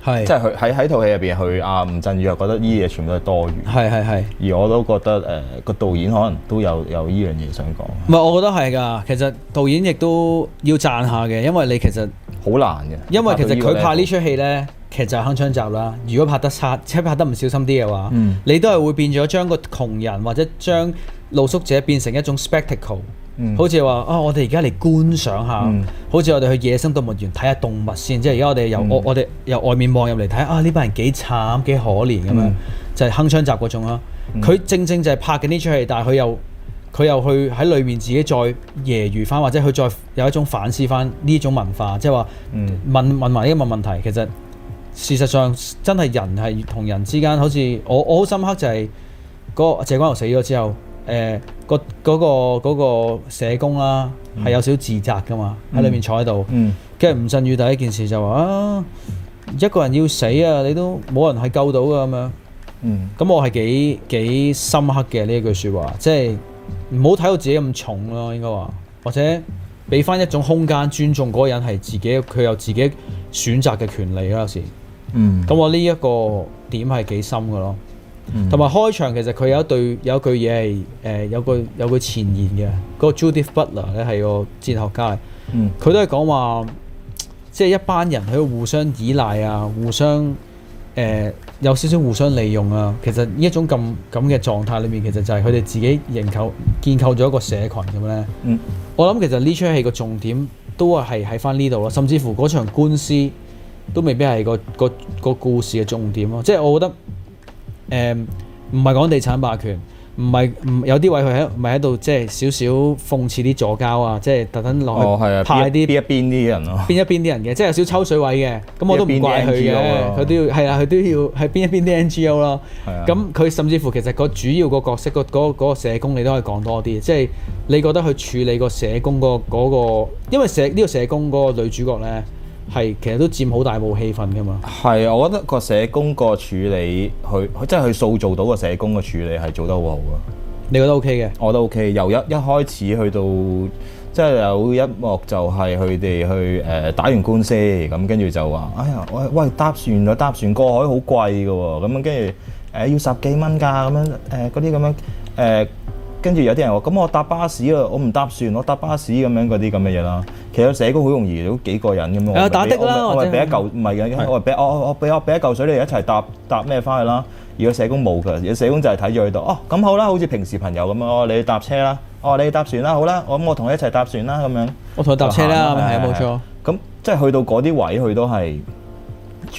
係，是即係佢喺喺套戲入邊，佢阿、啊、吳鎮宇又覺得依嘢全部都係多餘。係係係。而我都覺得誒個、呃、導演可能都有有依樣嘢想講。
唔係，我覺得係㗎。其實導演亦都要讚下嘅，因為你其實好難嘅。因為其實佢拍呢出戲呢，其實就係鏗鏘集啦。如果拍得差，即係拍得唔小心啲嘅話，嗯、你都係會變咗將個窮人或者將露宿者變成一種 spectacle。好似話啊，我哋而家嚟觀賞下，嗯、好似我哋去野生動物園睇下動物先。即係而家我哋由、嗯、我哋由外面望入嚟睇啊，呢班人幾慘幾可憐咁樣，嗯、就係鏗鏘集嗰種咯。佢、嗯、正正就係拍緊呢出戲，但係佢又佢又去喺裏面自己再揶揄翻，或者佢再有一種反思翻呢種文化，即係話問問埋呢個問題。其實事實上真係人係同人之間，好似我我好深刻就係嗰個謝君豪死咗之後。誒、欸那個嗰、那個社工啦、啊，係、嗯、有少少自責噶嘛，喺裏面坐喺度。跟住、嗯嗯、吳鎮宇第一件事就話啊，一個人要死啊，你都冇人係救到噶咁樣。咁、嗯、我係幾幾深刻嘅呢一句説話，即係唔好睇到自己咁重咯、啊，應該話，或者俾翻一種空間尊重嗰個人係自己，佢有自己選擇嘅權利啦、啊。有時，咁、嗯、我呢一個點係幾深噶咯。同埋開場其實佢有一對有一句嘢係誒有句有句前言嘅，嗰、那個 Judith Butler 咧係個哲學家嘅，佢、嗯、都係講話，即、就、係、是、一班人喺度互相依賴啊，互相誒、呃、有少少互相利用啊。其實呢一種咁咁嘅狀態裏面，其實就係佢哋自己營構建構咗一個社群咁咧。嗯、我諗其實呢出戲個重點都係喺返呢度咯，甚至乎嗰場官司都未必係個個個故事嘅重點咯。即、就、係、是、我覺得。誒唔係講地產霸權，唔係唔有啲位佢喺唔係喺度即係少少諷刺啲左膠啊，即係特登落去派啲
邊一邊啲人咯，
邊一邊啲人嘅，即係有少抽水位嘅，咁我都唔怪佢嘅，佢都要係啊，佢都要係邊一邊啲 NGO 咯，咁佢甚至乎其實個主要個角色個嗰個社工你都可以講多啲，即係你覺得佢處理個社工個嗰個，因為社呢個社工嗰個女主角咧。係，其實都佔好大部戲份噶嘛。
係啊，我覺得個社工個處理去，佢即係去塑造到個社工嘅處理係做得好好啊。你覺得 OK 嘅？我覺得 OK。由一一開始去到，即、就、係、是、有一幕就係佢哋去誒、呃、打完官司咁，跟住就話：哎呀，喂喂搭船啊，搭船，搭船，搭船過海好貴嘅喎。咁樣跟住誒要十幾蚊㗎，咁樣誒嗰啲咁樣誒。呃跟住有啲人話：咁我搭巴士啊，我唔搭船，我搭巴士咁樣嗰啲咁嘅嘢啦。其實社工好容易，都幾個人咁樣。啊，打的啦！我咪俾一嚿，唔係嘅，我俾我我俾我俾一嚿水你哋一齊搭搭咩翻去啦？如果社工冇㗎，如果社工就係睇住佢度。哦，咁好啦，好似平時朋友咁啊，你搭車啦，哦，你搭船啦，好啦，咁我同你一齊搭船啦咁樣。我同你搭車啦，係冇錯。咁即係去到嗰啲位，佢都係，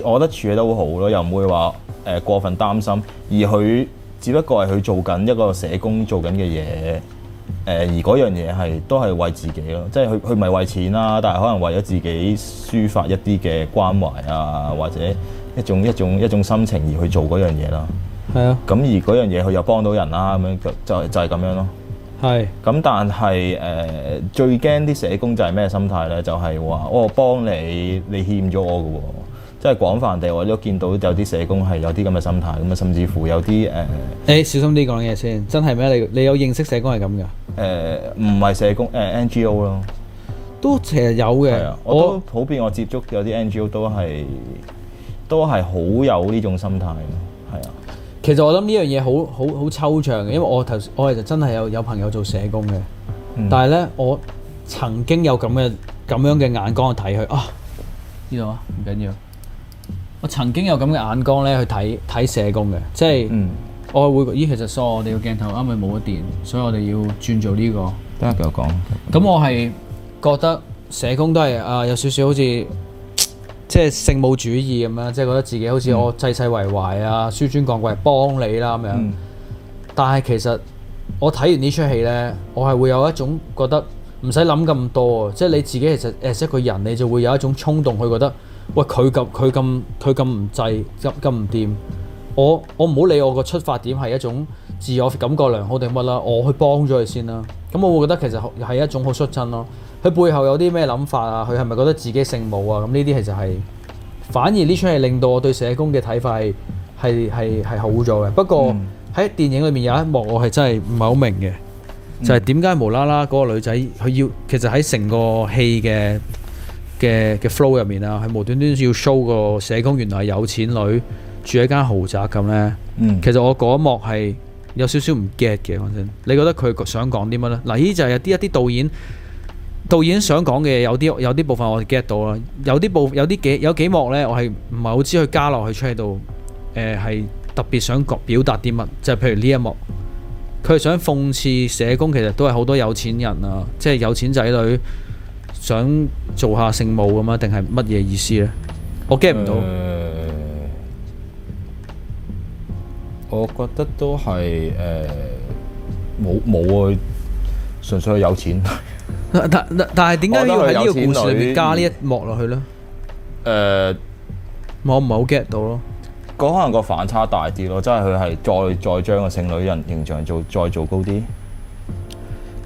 我覺得處理得好好咯，又唔會話誒過分擔心，而佢。只不過係佢做緊一個社工做緊嘅嘢，誒而嗰樣嘢係都係為自己咯，即係佢佢唔係為錢啦，但係可能為咗自己抒發一啲嘅關懷啊，或者一種一種一種心情而去做嗰樣嘢咯。
係啊，
咁而嗰樣嘢佢又幫到人啦，咁樣就就係就係咁樣咯。係。咁但係誒最驚啲社工就係咩心態咧？就係話，哦，我幫你，你欠咗我嘅喎。即係廣泛地，我都見到有啲社工係有啲咁嘅心態咁啊，甚至乎有啲誒，呃、你小心啲講嘢先，真係咩？你你有認識社工係咁㗎？誒唔係社工誒、呃、N G O 咯，都其實有嘅、啊。我都我普遍我接觸有啲 N G O 都係都係好有呢種心態嘅，啊。其實我諗呢樣嘢好好好抽
象嘅，因為我頭我係就真係有有朋友做社工嘅，嗯、但係咧我曾經有咁嘅咁樣嘅眼光去睇佢啊，呢度啊唔緊要。我曾經有咁嘅眼光咧，去睇睇社工嘅，即係、嗯、我會覺得咦，其實梳我哋個鏡頭啱咪冇咗電，所以我哋要轉做呢、呢個。等下繼續講。咁我係覺得社工都係啊，有少少好似即係聖母主義咁樣，即係覺得自己好似我濟世、世為懷啊，紆尊降貴幫你啦、啊、咁樣。嗯、但係其實我睇完呢出戲咧，我係會有一種覺得唔使諗咁多，即係你自己其實誒一個人你就會有一種衝動去覺得。喂，佢咁佢咁佢咁唔濟咁咁唔掂，我我唔好理我個出發點係一種自我感覺良好定乜啦，我去幫咗佢先啦。咁我會覺得其實係一種好率真咯。佢背後有啲咩諗法啊？佢係咪覺得自己聖母啊？咁呢啲其實係反而呢出戲令到我對社工嘅睇法係係係係好咗嘅。不過喺，嗯、電影裏面有一幕我係真係唔係好明嘅，就係點解無啦啦嗰個女仔佢要其實喺成個戲嘅。嘅嘅 flow 入面啊，係無端端要 show 個社工原來係有錢女住一間豪宅咁呢、嗯。其實我嗰一幕係有少少唔 get 嘅，反正你覺得佢想講啲乜呢？嗱，依就係有啲一啲導演導演想講嘅嘢，有啲有啲部分我係 get 到啦。有啲部有啲幾有幾幕呢，我係唔係好知佢加落去出嚟度？誒、呃，係特別想表達啲乜？即、就、係、是、譬如呢一幕，佢係想諷刺社工，其實都係好多有錢人啊，即、就、係、是、有錢仔女。想做下聖母咁啊？定係乜嘢意思咧？我 get 唔到。
我覺得都係誒冇冇啊！純粹係有錢。
但但但係點解要喺呢個故事裏面加呢一幕落去咧？誒，我唔係好 get 到咯。
嗰可能個反差大啲咯，即係佢係再再將個聖女人形象做再做高啲。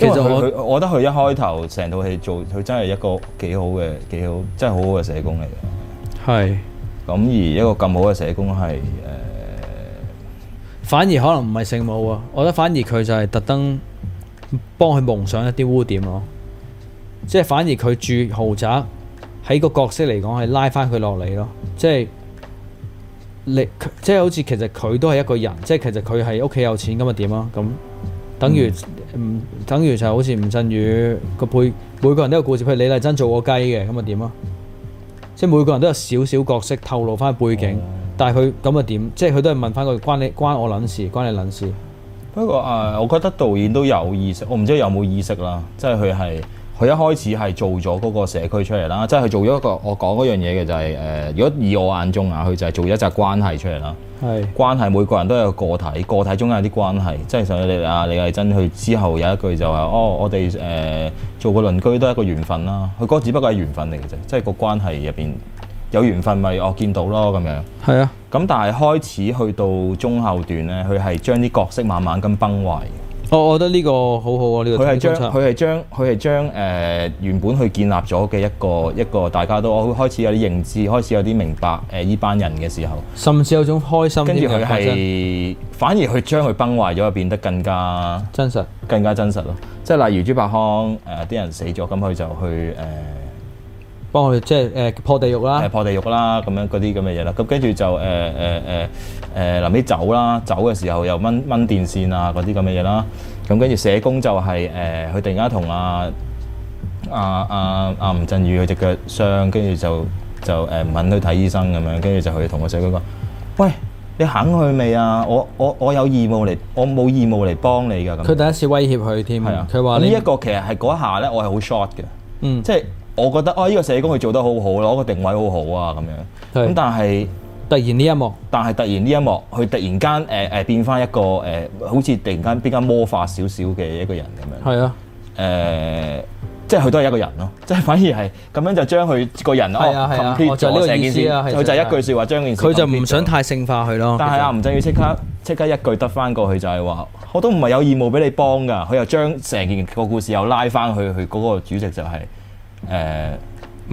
其實我我覺得佢一開頭成套戲做，佢真係一個幾好嘅，幾好，真係好好嘅社工嚟嘅。係。咁而一個咁好嘅社工係誒，呃，反而可能唔係聖母啊！我覺
得反而佢就係特登幫佢蒙上一啲污點咯。即係反而佢住豪宅，喺個角色嚟講係拉翻佢落嚟咯。即係你，即係好似其實佢都係一個人，即係其實佢係屋企有錢咁咪點啊？咁？等於唔等於就好似吳鎮宇個配每個人都有故事，譬如李麗珍做過雞嘅咁啊點啊？即係每個人都有少少角色透露翻
背景，嗯、但係佢咁啊點？即係佢都係問翻佢：「關你關我撚事，關你撚事」。不過誒，我覺得導演都有意識，我唔知有冇意識啦，即係佢係。佢一開始係做咗嗰個社區出嚟啦，即係佢做咗一個我講嗰樣嘢嘅就係、是、誒，如、呃、果以我眼中啊，佢就係做一隻關係出嚟啦。係是關係，每個人都有個體，個體中間有啲關係，即係上咗你啊李麗珍，佢之後有一句就係、是、哦，我哋誒、呃、做個鄰居都係一個緣分啦。佢嗰個只不過係緣分嚟嘅啫，即係個關係入邊有緣分咪我見到咯咁樣。係啊，咁但係開始去到中後段咧，佢係將啲角色慢慢咁崩壞。哦、我覺得呢個好好啊！呢、呢個佢係將佢係將佢係將誒、呃、原本去建立咗嘅一個一個大家都開始有啲認知，開始有啲明白誒呢、呃、班人嘅時候，
甚至有種開心跟。跟住佢係
反而佢將佢崩壞咗，變得更加真實，更加真實咯。即係例如朱柏康誒啲、呃、人死咗，咁佢就去誒。呃幫佢即係誒、呃、破地獄啦，呃、破地獄啦咁樣嗰啲咁嘅嘢啦。咁跟住就誒誒誒誒臨尾走啦，走嘅時候又掹掹電線啊嗰啲咁嘅嘢啦。咁跟住社工就係誒佢突然間同阿阿阿阿吳鎮宇佢隻腳傷，跟住就就誒唔肯去睇醫生咁樣。跟住就佢同個社工講：喂，你肯去未啊？我我我有義務嚟，我冇義務嚟幫你㗎。咁佢第一次威脅佢添，係啊，佢話呢一個其實係嗰一下咧，我係好 short 嘅，嗯，即係。我覺得啊，呢個社工佢做得好好咯，嗰個定位好好啊，咁樣。咁但係突然呢一幕，但係突然呢一幕，佢突然間誒誒變翻一個誒，好似突然間變緊魔法少少嘅一個人咁樣。係啊，誒，即係佢都係一個人咯，即係反而係咁樣就將佢個人啊呢成件事。佢就一句説話將件事。佢就唔想太性化佢咯。但係阿吳鎮宇即刻即刻一句得翻過去就係話，我都唔係有義務俾你幫噶。佢又將成件個故事又拉翻去佢嗰個主席就係，誒，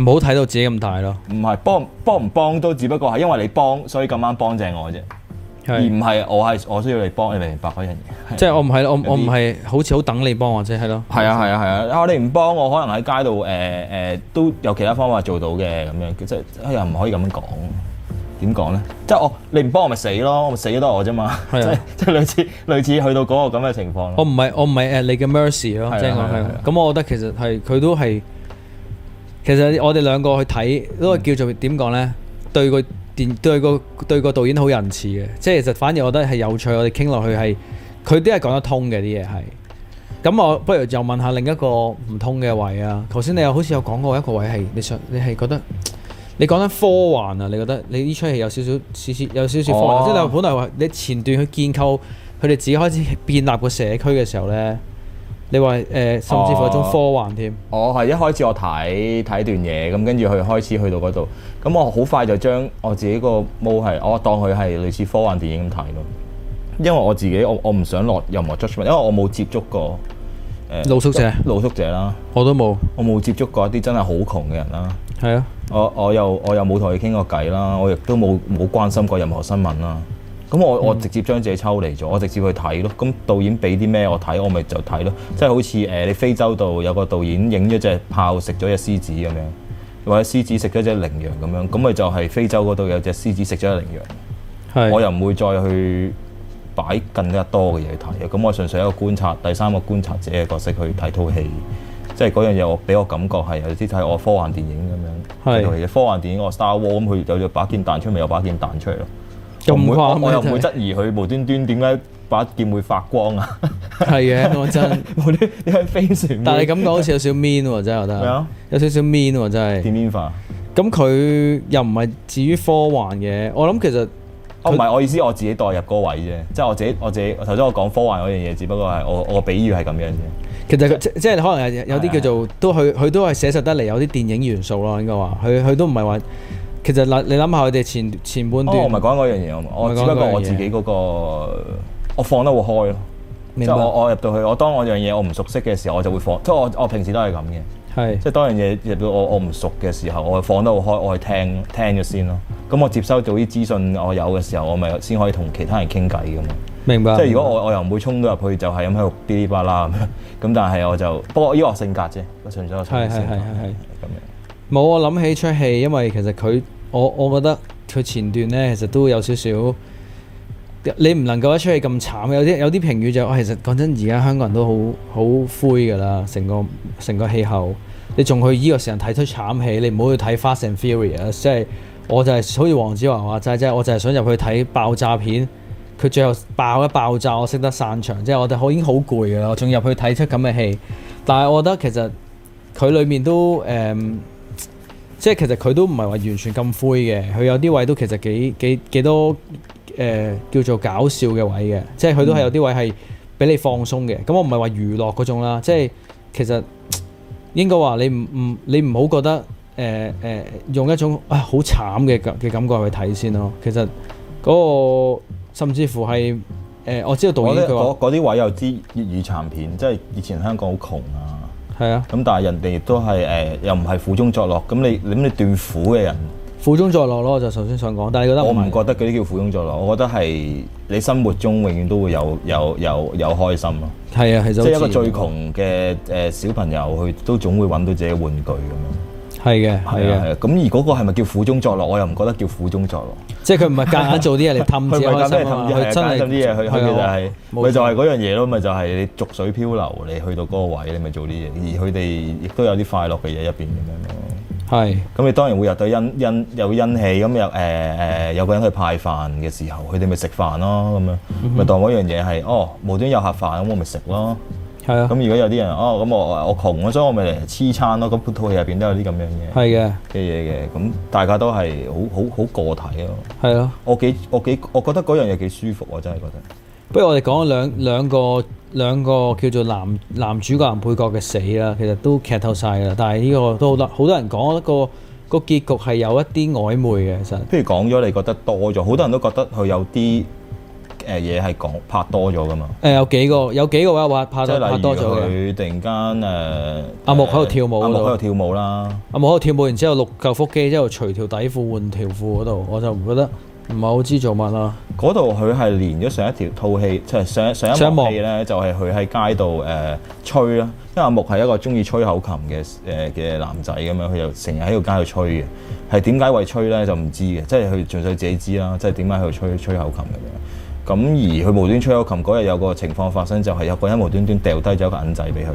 唔好睇到自己咁大咯。唔係幫幫，唔幫都只不過係因為你幫，所以咁啱幫正我啫。而唔係我係我需要你幫，你明白嗰樣嘢？即
係我唔係我我唔係好似好等你幫我啫，係咯？係啊係啊
係啊！你唔幫我，可能喺街度誒誒都有其他方法做到嘅咁樣，即係又唔可以咁講。點講咧？即係我你唔幫我咪死咯，我咪死得我啫嘛。即係即類似類似去到嗰個咁嘅情況咯。
我唔係我唔係誒你嘅 mercy 咯，即係咁我覺得其實係佢都係。其實我哋兩個去睇都係叫做點講呢？對個電對個對個導演好仁慈嘅。即係其實反而我覺得係有趣。我哋傾落去係佢都係講得通嘅啲嘢係。咁我不如又問下另一個唔通嘅位啊？頭先你又好似有講過一個位係你想你係覺得你講緊科幻啊？你覺得你呢出戲有少少少少有少少科幻，哦，即係你話本來話你前段去建構佢哋自己開始建立個社區嘅時候呢。你話誒、呃，甚至乎一種科幻添？
還我係一開始我睇睇段嘢，咁跟住佢開始去到嗰度，咁我好快就將我自己個腦係我當佢係類似科幻電影咁睇咯。因為我自己我我唔想落任何 judgment，因為我冇接觸過誒露、呃、宿者、露、呃、宿者啦。我都冇，我冇接觸過一啲真係好窮嘅人啦。係是啊我，我又我又我又冇同佢傾過偈啦，我亦都冇冇關心過任何新聞啦。咁我我直接將自己抽離咗，我直接去睇咯。咁導演俾啲咩我睇，我咪就睇咯。即係好似誒、呃、你非洲度有個導演影咗隻豹食咗隻獅子咁樣，或者獅子食咗隻羚羊咁樣，咁咪就係非洲嗰度有隻獅子食咗隻羚羊。是我又唔會再去擺更加多嘅嘢睇。咁我純粹一個觀察，第三個觀察者嘅角色去睇套戲。即係嗰樣嘢，我俾我感覺係有啲睇我科幻電影咁樣。係是。科幻電影，我 Star War 咁佢有隻把劍彈出，咪有把劍彈出嚟咯。又唔會話，我又唔會質疑佢無端端點解把劍會發光啊！係嘅，我真冇啲啲非常。 但係你咁講好似有少少 mean 喎，真係我覺得。咩啊的？有少少 mean 喎，真係。點 mean 法？咁佢又唔係至於科幻嘅，我諗其實，哦唔係，我意思我自己代入嗰位啫，即係我自己我自己。頭先我講科幻嗰樣嘢，只不過係我我比喻係咁樣
啫。其實即即係可能有啲叫做的都佢佢都係寫實得嚟，有啲電影元素咯，應該話，佢佢都唔係話。其實嗱，你諗下佢哋前前半段，我唔係講嗰樣嘢，我只不過我自己
嗰個，我放得會開咯。明白。即係我我入到去，我當我樣嘢我唔熟悉嘅時候，我就會放。即係我我平時都係咁嘅。係。即係當樣嘢入到我我唔熟嘅時候，我放得好開，我係聽聽咗先咯。咁我接收到啲資訊我有嘅時候，我咪先可以同其他人傾偈㗎嘛。
明白。即係如果我
我又唔會衝到入去，就係咁喺度啲啲巴啦。咁。但係我就不過呢個性格啫，我純粹我嘗試。咁樣。
冇，我諗起出戲，因為其實佢，我我覺得佢前段呢，其實都有少少。你唔能夠一出戲咁慘，有啲有啲評語就係、是哎、其實講真，而家香港人都好好灰㗎啦，成個成個氣候。你仲去依個時間睇出慘戲？你唔好去睇《Fast and Furious》。即係我就係、是、好似黃子華話齋，即係我就係想入去睇爆炸片。佢最後爆一爆炸，我識得散場。即係我哋我已經好攰㗎啦，仲入去睇出咁嘅戲。但係我覺得其實佢裏面都誒。嗯即係其實佢都唔係話完全咁灰嘅，佢有啲位都其實幾幾幾多誒、呃、叫做搞笑嘅位嘅，即係佢都係有啲位係俾你放鬆嘅。咁、嗯、我唔係話娛樂嗰種啦，即係其實應該話你唔唔你唔好覺得誒誒、呃呃、用一種啊好慘嘅嘅感覺去睇先咯。其實嗰個甚至乎係誒、呃、我知道導演佢話嗰
嗰啲位又知粵語殘片，即係以前香港好窮啊。係啊，咁但係人哋亦都係誒，又唔係苦中作樂，咁你咁你斷苦嘅人，苦中作樂咯，我就首先想講，但係你覺得我唔覺得嗰啲叫苦中作樂，我覺得係你生活中永遠都會有有有有開心咯，係啊，即係一個最窮嘅誒、嗯呃、小朋友，佢都總會揾到自己玩具咁樣。係嘅，係啊，咁而嗰個係咪叫苦中作樂？我又唔覺得叫苦中作樂。
即係佢唔係夾硬做啲嘢嚟氹，佢唔係咁即係氹，佢、啊、 的真係做啲嘢去佢就係，咪就
係嗰樣嘢咯，咪就係你逐水漂流你去到嗰個位，你咪做啲嘢。而佢哋亦都有啲快樂嘅嘢入邊咁樣咯。係的。咁你當然會有到欣欣有欣喜，咁又誒誒有個人去派飯嘅時候，佢哋咪食飯咯咁樣，咪、嗯、哼當嗰樣嘢係哦無端有客飯，咁我咪食咯。係啊，咁如果有啲人哦，咁我我我窮咗，所以我咪嚟黐餐咯。咁套戲入邊都有啲咁樣嘅，係嘅嘅嘢嘅。咁大家都係好好好個體咯。係啊的，我幾我幾我覺得嗰樣嘢幾舒服，啊，真係覺得。
不如我哋講兩兩個兩個叫做男男主角男配角嘅死啦，其實都劇透晒啦。但係呢個都好多好多人講一、嗰個個結局係有一啲曖昧嘅，其實。
譬如講咗，你覺得多咗好多人都覺得佢有啲。誒嘢係講拍多咗㗎嘛？誒、
呃、有幾個有幾個話話拍多咗，即係例如佢突
然間誒、呃、阿木喺度跳舞，阿木喺度跳舞啦，
阿木喺度跳舞。然之後六嚿腹肌，之後除條底褲換條褲嗰度，我就唔覺得唔
係好知做乜啦。嗰度佢係連咗上一條套戲，即係上上一，上一幕戲咧，嗯、就係佢喺街度誒、呃、吹啦。因為阿木係一個中意吹口琴嘅誒嘅男仔咁樣，佢就成日喺個街度吹嘅。係點解為，為吹咧就唔知嘅，即係佢純粹自己知啦。即係點解佢喺度吹、就是、吹，吹口琴嘅？咁而佢無端吹口琴嗰日有個情況發生，就係、是、有個人無端端掉低咗個銀仔俾佢。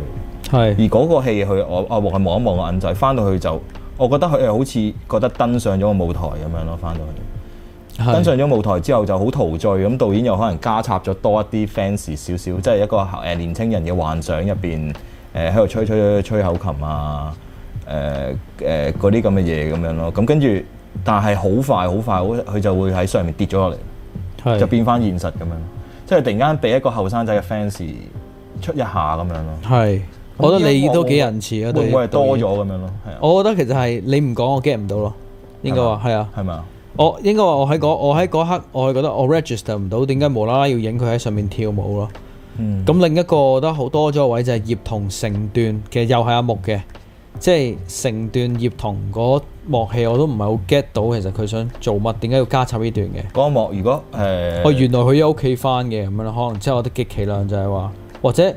係是。而嗰個戲佢我阿黃去望一望個銀仔，翻到去就我覺得佢又好似覺得登上咗個舞台咁樣咯，翻到去。是登上咗舞台之後就好陶醉，咁、嗯、導演又可能加插咗多一啲 fans 少少，即係一個誒年輕人嘅幻想入邊，誒喺度吹吹吹口琴啊，誒誒嗰啲咁嘅嘢咁樣咯。咁跟住，但係好快好快，佢就會喺上面跌咗落嚟。是就變翻現實咁樣，即係突然間俾一個後生仔嘅 fans 出一下咁樣咯。係是，樣我覺得你都幾仁慈會會啊，都木係多咗
咁樣咯，係啊。我覺得其實係你唔講我 get 唔到咯，應該話係嗎啊。係咪啊？嗎我應該話我喺嗰我喺嗰刻我係覺得我 register 唔到，點解無啦啦要影佢喺上面跳舞咯？咁、嗯、另一個我覺得好多咗位就係葉同成段，嘅，又係阿木嘅。即係成段葉童嗰幕戲，我都唔係好 get 到，其實佢想做乜？點解要加插呢
段嘅？嗰幕如果誒哦，
原來佢喺屋企翻嘅咁樣，可能之後我覺得極其量就係話，或者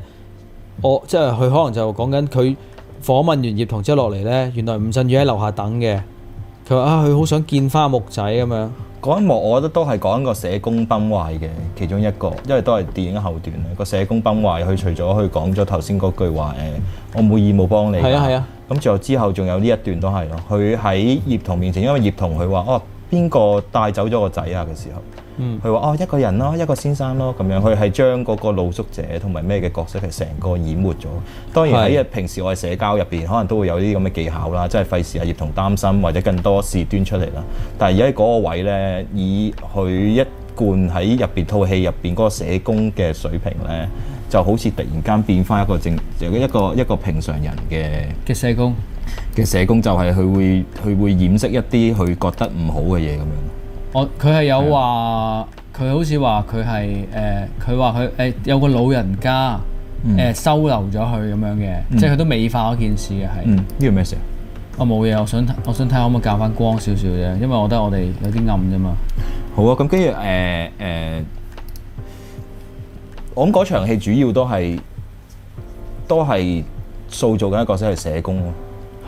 我即係佢可能就講緊佢訪問完葉童之後落嚟
咧，原來吳鎮宇喺樓下等嘅。佢話啊，佢好想見花木仔咁樣。嗰一幕我覺得都係講一個社工崩壞嘅其中一個，因為都係電影後段啦。個社工崩壞，佢除咗佢講咗頭先嗰句話誒，我冇義務幫你。係啊係啊。咁就、啊、之後仲有呢一段都係咯。佢喺葉童面前，因為葉童佢話啊。哦邊個帶走咗個仔啊嘅時候，佢話、嗯、哦，一個人咯，一個先生咯咁樣，佢係將嗰個露宿者同埋咩嘅角色係成個掩沒咗。當然喺平時我哋社交入邊，可能都會有啲咁嘅技巧啦，即係費事阿葉童擔心或者更多事端出嚟啦。但係而家嗰個位呢，以佢一貫喺入邊套戲入邊嗰個社工嘅水平呢，就好似突然間變翻一個正一個一個，一個平常人嘅嘅社工。嘅社工就係佢會佢會掩飾一啲佢覺得唔好嘅嘢咁樣、哦。我佢
係有話佢是、啊、好似話佢係誒，佢話佢誒有個老人家誒、嗯呃、收留咗佢咁樣嘅，嗯、即係佢都美化嗰件事嘅係。呢
個咩事啊？我冇嘢，我想我想睇下可唔可以教翻光少少啫，因為我覺得我哋有啲暗啫嘛。好啊，咁跟住誒誒，我諗嗰場戲主要都係都係塑造緊一個即係社工咯。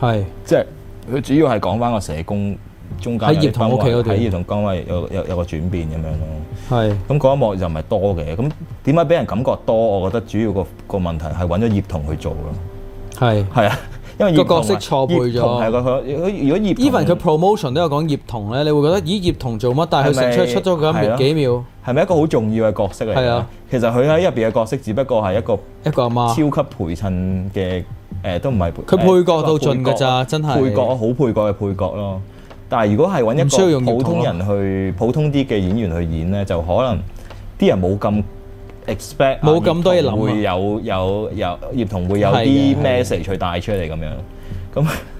係，是即係佢主要係講翻個社工中間喺葉童屋企喺葉童崗位有有有，有個轉變咁樣咯。係是，咁嗰一幕又唔係多嘅，咁點解俾人感覺多？我覺得主要個個問題係揾咗葉童去做咯。係是，係啊，
因為個角色錯配咗。係個佢，如果
葉童，Even 佢
promotion 都有講葉童咧，你會覺得咦葉童做乜？但係佢成出出咗嗰幾
秒，係咪一個好重要嘅角色嚟？係啊，是是啊其實佢喺入邊嘅角色，只不過係一個一個阿媽、媽，超級陪襯嘅。誒、呃、都唔係，佢配角都盡㗎咋，真係配角好是配角嘅配，配角咯。但係如果係揾一個需要用普通人去普通啲嘅演員去演咧，就可能啲人冇咁 expect，冇咁多嘢諗啊，啊會有有有葉童會有啲 message 去帶出嚟咁樣，咁。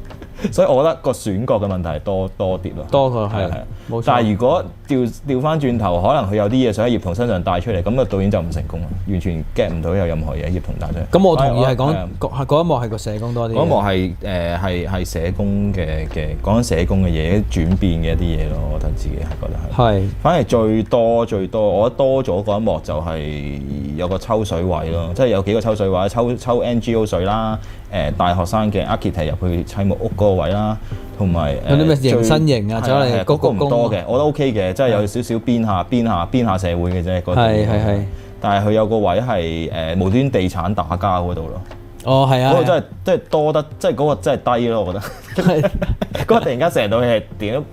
所以我覺得個選角嘅問題多多啲咯，多過係係，冇錯，但係如果調調翻轉頭，可能佢有啲嘢想喺葉童身上帶出嚟，咁個導演就唔成功啦，完全 get 唔到有任何嘢葉童帶出嚟。咁我同意係講嗰一幕係個社工多啲，嗰幕係誒係係社工嘅嘅講緊社工嘅嘢，轉變嘅一啲嘢咯，我覺得自己係覺得係。係，反而最多最多，我覺得多咗嗰一幕就係有個抽水位咯，即係有幾個抽水位，抽抽 NGO 水啦。誒大學生嘅 architect 入去砌木屋嗰個位啦，同埋做型啊。誒最唔多嘅，我覺得 OK 嘅，即係有少少邊下邊下邊下社會嘅啫，嗰啲。係係係。但係佢有個位係誒無端地產打交嗰度咯。哦，係啊。嗰度真係真係多得，即係嗰個真係低咯，我覺得。真係。嗰個突然間成日套嘢點？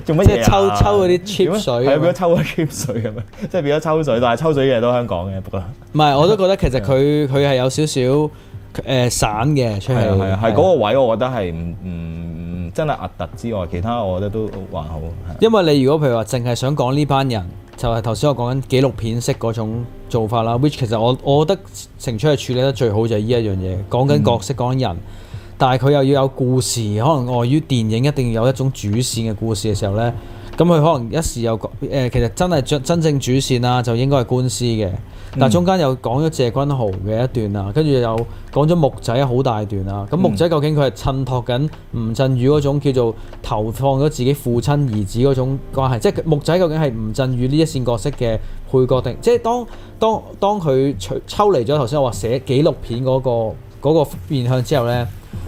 做乜即係抽抽嗰啲 cheap 水一，係啊，變咗抽嗰 cheap 水咁啊！即係變咗抽水，但係抽水嘅嘢都香港嘅，不過唔
係，我都覺得其實佢佢係有少少誒散嘅出去係啊係嗰個
位，我覺得係唔唔真係核突之外，其他我覺得都還好。
因為你如果譬如話，淨係想講呢班人，就係頭先我講緊紀錄片式嗰種做法啦。which 其實我我覺得成齣戲處理得最好就係呢一樣嘢，講緊角色，講緊人。嗯但係佢又要有故事，可能礙於電影一定要有一種主線嘅故事嘅時候呢。咁佢可能一時又講誒，其實真係真正主線啦、啊，就應該係官司嘅。但中間又講咗謝君豪嘅一段啊，跟住又講咗木仔好大段啊。咁木仔究竟佢係襯托緊吳鎮宇嗰種叫做投放咗自己父親兒子嗰種關係，即係木仔究竟係吳鎮宇呢一線角色嘅配角定即係當當當佢抽、抽離咗頭先我話寫紀錄片嗰個嗰個面向之後呢。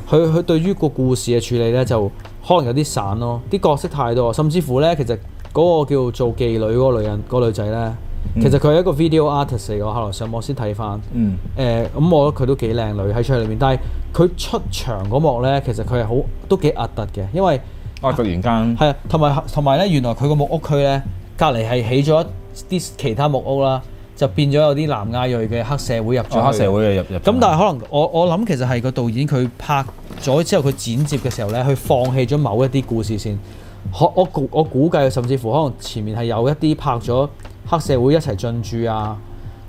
佢佢對於個故事嘅處理咧，就可能有啲散咯，啲角色太多，甚至乎咧，其實嗰個叫做妓女嗰個女人、嗰個女仔咧，嗯、其實佢係一個 video artist 嚟嘅，後來上網先睇翻。嗯。誒，咁我覺得佢都幾靚女喺出嚟裏面，但係佢出場嗰幕咧，其實佢係好都幾核突嘅，因為突然間。係啊，同埋同埋咧，原來佢個木屋區咧，隔離係起咗啲其他木屋啦。就變咗有啲南亞裔嘅黑社會入咗，黑社會嘅入入咁，但係可能我我諗其實係個導演佢拍咗之後，佢剪接嘅時候咧，佢放棄咗某一啲故事線。我我估我估計甚至乎可能前面係有一啲拍咗黑社會一齊進駐啊。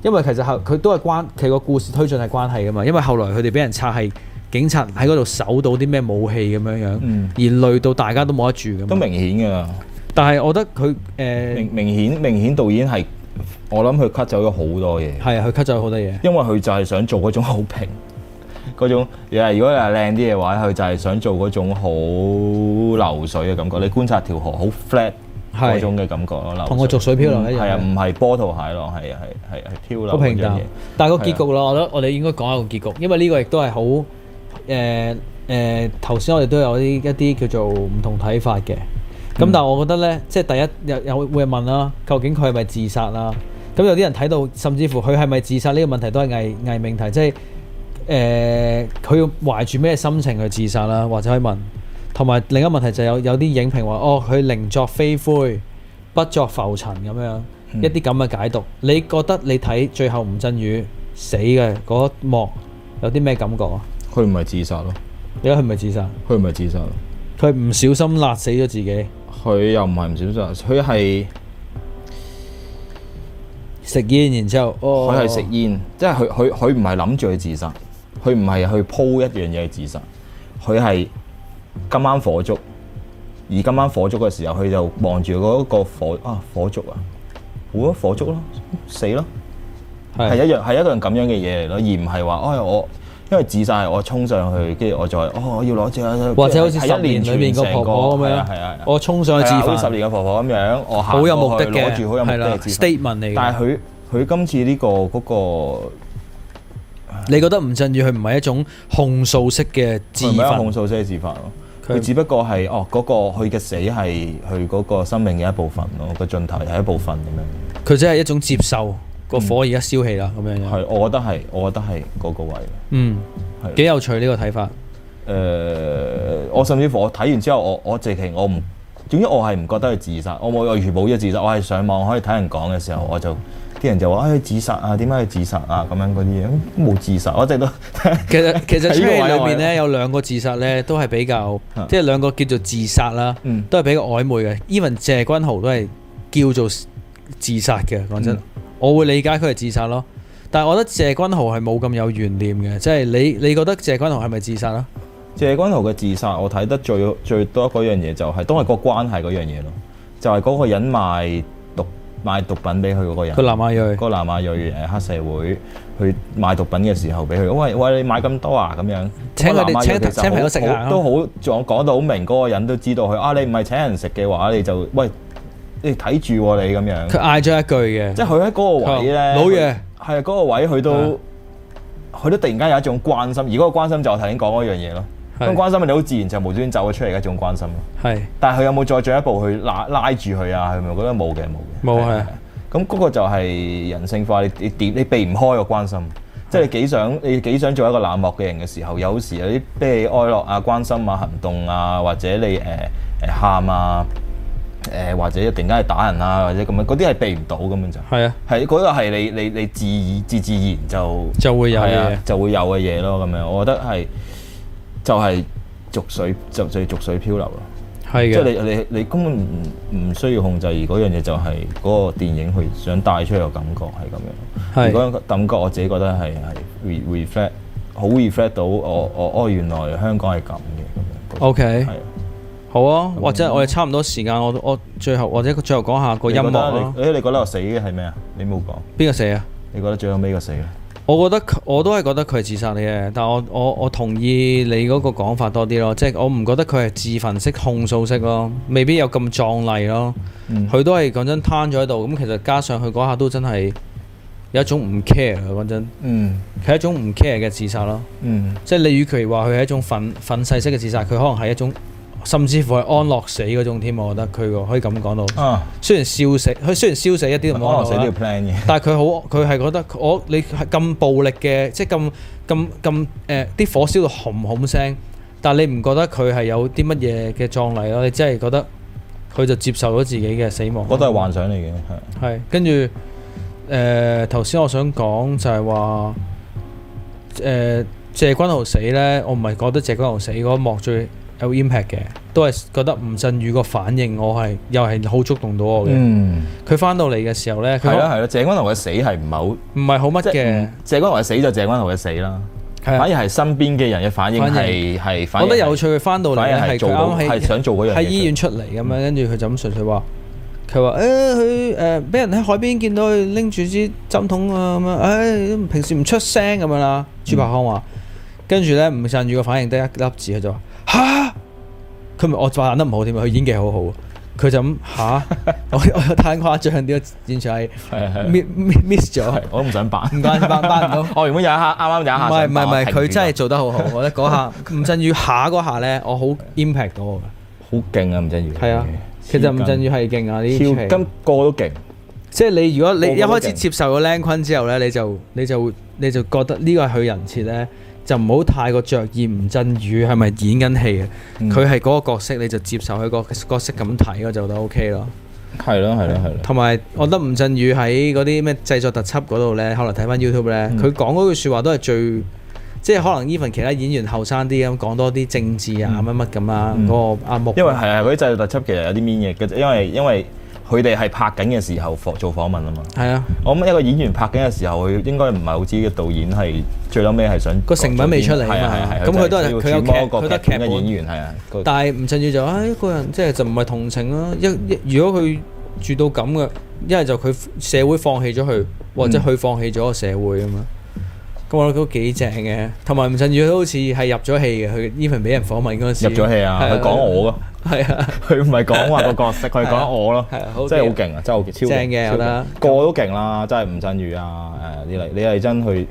因為其實後佢都係關佢個故事推進係關係㗎嘛。因為後來佢哋俾人拆係警察喺嗰度
搜到啲咩武器咁樣樣，嗯、而累到大家都冇得住咁。都明顯㗎，但係我覺得佢誒、呃、明明顯明顯導演係。我諗佢 cut 走咗好多嘢，係啊，佢 cut 走好多嘢。因為佢就係想做嗰種好平，嗰種如果你係靚啲嘅話，佢就係想做嗰種好流水嘅感覺。你觀察條河好 flat，嗰種嘅感覺咯，同的水個濁水漂流一樣。係啊、嗯，唔係波濤駭浪，係啊，係係係漂流平。平
但係個結局咯，的我覺得我哋應該講一個結局，因為呢個亦都係好誒誒，頭、呃、先、呃、我哋都有啲一啲叫做唔同睇法嘅。咁、嗯、但係，我覺得呢，即係第一有有會問啦、啊，究竟佢係咪自殺啦、啊？咁、嗯、有啲人睇到，甚至乎佢係咪自殺呢個問題都係偽偽命題，即係誒佢要懷住咩心情去自殺啦、啊？或者可以問同埋另一個問題就有有啲影評話：哦，佢寧作飛灰，不作浮塵咁樣、嗯、一啲咁嘅解讀。你覺得你睇最後吳鎮宇死嘅嗰、那個、幕有啲咩感覺
啊？佢唔係自殺咯。
你話佢唔係自殺？佢唔係自殺。佢唔小心辣死咗自己。佢又唔係唔小
心，佢係食煙，然之後，佢、哦、係、哦哦、食煙，即係佢佢佢唔係諗住去自殺，佢唔係去鋪一樣嘢去自殺，佢係今晚火燭，而今晚火燭嘅時候，佢就望住嗰個火啊火燭啊，換、哦、咗火燭咯、啊，死咯、啊，係的一,一樣係一樣咁樣嘅嘢嚟咯，而唔係話唉我。因為自殺，我衝上去，跟住我再，哦，我要攞獎。或者好似十年裏面個婆婆咁樣，我衝上去自焚。十年嘅婆婆咁樣，好有目的嘅，係啦，statement 嚟。啊、Stat 但係佢佢今次呢個嗰個，那個、你覺得吳鎮宇佢唔係一種控訴式嘅自，控訴式嘅自焚咯？佢他 只不過係哦嗰、那個佢嘅死係佢嗰個生命嘅一部分咯，個盡頭係一部分咁樣。佢真係一種接受。個火而家燒起啦，咁、嗯、樣樣係，我覺得係，我覺得係嗰個位。嗯，幾的有趣呢、呢個睇法。誒、呃，我甚至乎我睇完之後，我我直情我唔，總之我係唔覺得佢自，自殺。我冇，我完全冇嘢自殺。我係上網可以睇人講嘅時候，我就啲人就話，佢、哎、自殺啊，點解佢自殺啊？咁樣嗰啲嘢冇自殺，我淨係都。其實其實齣戲裏面咧、嗯、有兩個自
殺咧，都係比較，即係、嗯、兩個叫做自殺啦，都係比較曖昧嘅。Even 謝君豪都係叫做自殺嘅，講真、嗯。嗯嗯我會理解佢係自殺咯，
但係我覺得謝君豪係冇咁有怨念嘅，即係你你覺得謝君豪係咪自殺啊？謝君豪嘅自殺，我睇得最最多嗰樣嘢就係都係個關係嗰樣嘢咯，就係嗰個人賣毒賣毒品俾佢嗰個人。個南亞裔，個南亞裔誒黑社會去賣毒品嘅時候俾佢，喂喂，你買咁多啊咁樣，請佢哋請特請朋友食啊，都好我講到好明，嗰個人都知道佢啊，你唔係請人食嘅話你就喂。你睇住喎，你咁樣，佢
嗌咗一句嘅，即係佢
喺嗰個位咧，老嘢，係啊，嗰個位佢都佢都突然間有一種關心，而嗰個關心就我頭先講嗰樣嘢咯。咁關心你好自然就無端端走咗出嚟嘅一種關心咯。係，但係佢有冇再進一步去拉拉住佢啊？係咪？我覺得冇嘅，冇嘅，冇嘅。咁嗰個就係人性化，你你點你避唔開個關心？即係你幾想你幾想做一個冷漠嘅人嘅時候，有時有啲悲喜哀樂啊、關心啊、行動啊，或者你誒誒喊啊。誒或者一陣間去打人啦、啊，或者咁樣嗰啲係避唔到，咁樣就係啊，係嗰的、那個係你你你自自自然就就會有嘅的就會有嘅嘢咯，咁樣，我覺得係就係、是、濁水就係濁水漂流咯，的即係你你你，你根本唔唔需要控制嗰樣嘢，就係嗰個電影去想帶出嚟嘅感覺係咁樣，嗰的感覺我自己覺得係係 re reflect 好 reflect 到我我，我哦原來香港係咁嘅，OK。好啊，或者我哋差唔多時間，我我最後
或者最後講下個音樂啦。
誒，你覺得個死嘅係咩啊？你冇講邊個死啊？你覺得最後尾個死啊？
我覺得我都係覺得佢係自殺嘅，但係我我我同意你嗰個講法多啲咯，即係我唔覺得佢係自焚式控訴式咯，未必有咁壯麗咯。佢、嗯、都係講真攤咗喺度，咁其實加上佢嗰下都真係有一種唔 care 佢講真。嗯。佢係一種唔 care 嘅自殺咯。嗯。即係你與其話佢係一種憤憤世式嘅自殺，佢可能係一種。甚至乎係安樂死嗰種添，我覺得佢個可以咁講到。雖然燒死，佢雖然燒死一啲都冇，但係佢好，佢係覺得我你係咁暴力嘅，即係咁咁咁誒啲火燒到轟轟聲，但係你唔覺得佢係有啲乜嘢嘅壯麗咯？你真係覺得佢就接受咗自己嘅死亡。嗰都係幻想嚟嘅，係。係跟住誒頭先我想講就係話誒謝君豪死咧，我唔係覺得謝君豪死嗰幕最有 impact 嘅，都係覺得吳鎮宇個反應，我係又係好觸
動到我嘅。佢翻到嚟嘅時候咧，係啦係啦，謝君豪嘅死係唔係好唔係好乜嘅？謝君豪嘅死就謝君豪嘅死啦，反而係身邊嘅人嘅反應係係反，覺得有趣，
佢翻到嚟係做係想做嗰樣嘢。喺醫院出嚟咁樣，跟住佢就咁純粹話佢話誒，佢誒俾人喺海邊見到佢拎住支針筒啊咁樣，誒平時唔出聲咁樣啦。朱柏康話跟住咧，吳鎮宇個反應得一粒字，佢就話。吓！佢咪我再扮得唔好添，佢演技好好。佢就咁吓，我我太誇張點，完全係 miss 咗。我都唔想扮，唔該，扮扮唔到。我原本有一下，啱啱有一下。唔係唔係唔係，佢真係做得好好。我覺得下吳鎮宇下下咧，我好 impact 到我噶，
好勁啊！吳鎮宇係啊，
其實吳鎮宇係勁啊，啲今個都勁。即係你如果你一開始接受咗靚坤之後咧，你就你就你就覺得呢個係佢人設咧。就唔好太過着意吳鎮宇係咪演緊戲啊？佢係嗰個角色你就接受佢，個角色咁睇咯，就覺得 OK 咯。係咯，係咯，係咯。同埋我覺得吳鎮宇喺嗰啲咩製作特輯嗰度咧，後來 Tube, 嗯、可能睇翻 YouTube 咧，佢講嗰句説話都係最即係可能 even 其他演員後生啲咁講多啲
政治啊乜乜咁啊嗰、嗯、個阿木。因為係啊，嗰啲製作特輯其實有啲 mean 嘅，因為因為。佢哋係拍緊嘅時候做訪問啊嘛，係啊，我諗一個演員拍緊嘅時候，佢應該唔係好知嘅導演係最尾尾係想個成品未出嚟啊，係啊係啊，咁佢都係佢有劇佢得劇嘅演員係啊，但
係唔趁住就唉一個人即係就唔係同情咯，一一如果佢住到咁嘅，一係就佢社會放棄咗佢，或者佢放棄咗個社會啊嘛。咁我覺得都幾正嘅，同埋吳鎮宇都好似係入咗戲嘅。佢 even 俾人訪問嗰陣時，入咗戲啊！佢講我咯，係啊，佢唔係講話個角色，佢講我咯，係啊，真係好勁啊，真係好勁，正的超正嘅，
我覺得的個都勁啦，真係吳鎮宇啊，誒、嗯，你嚟，你係真去。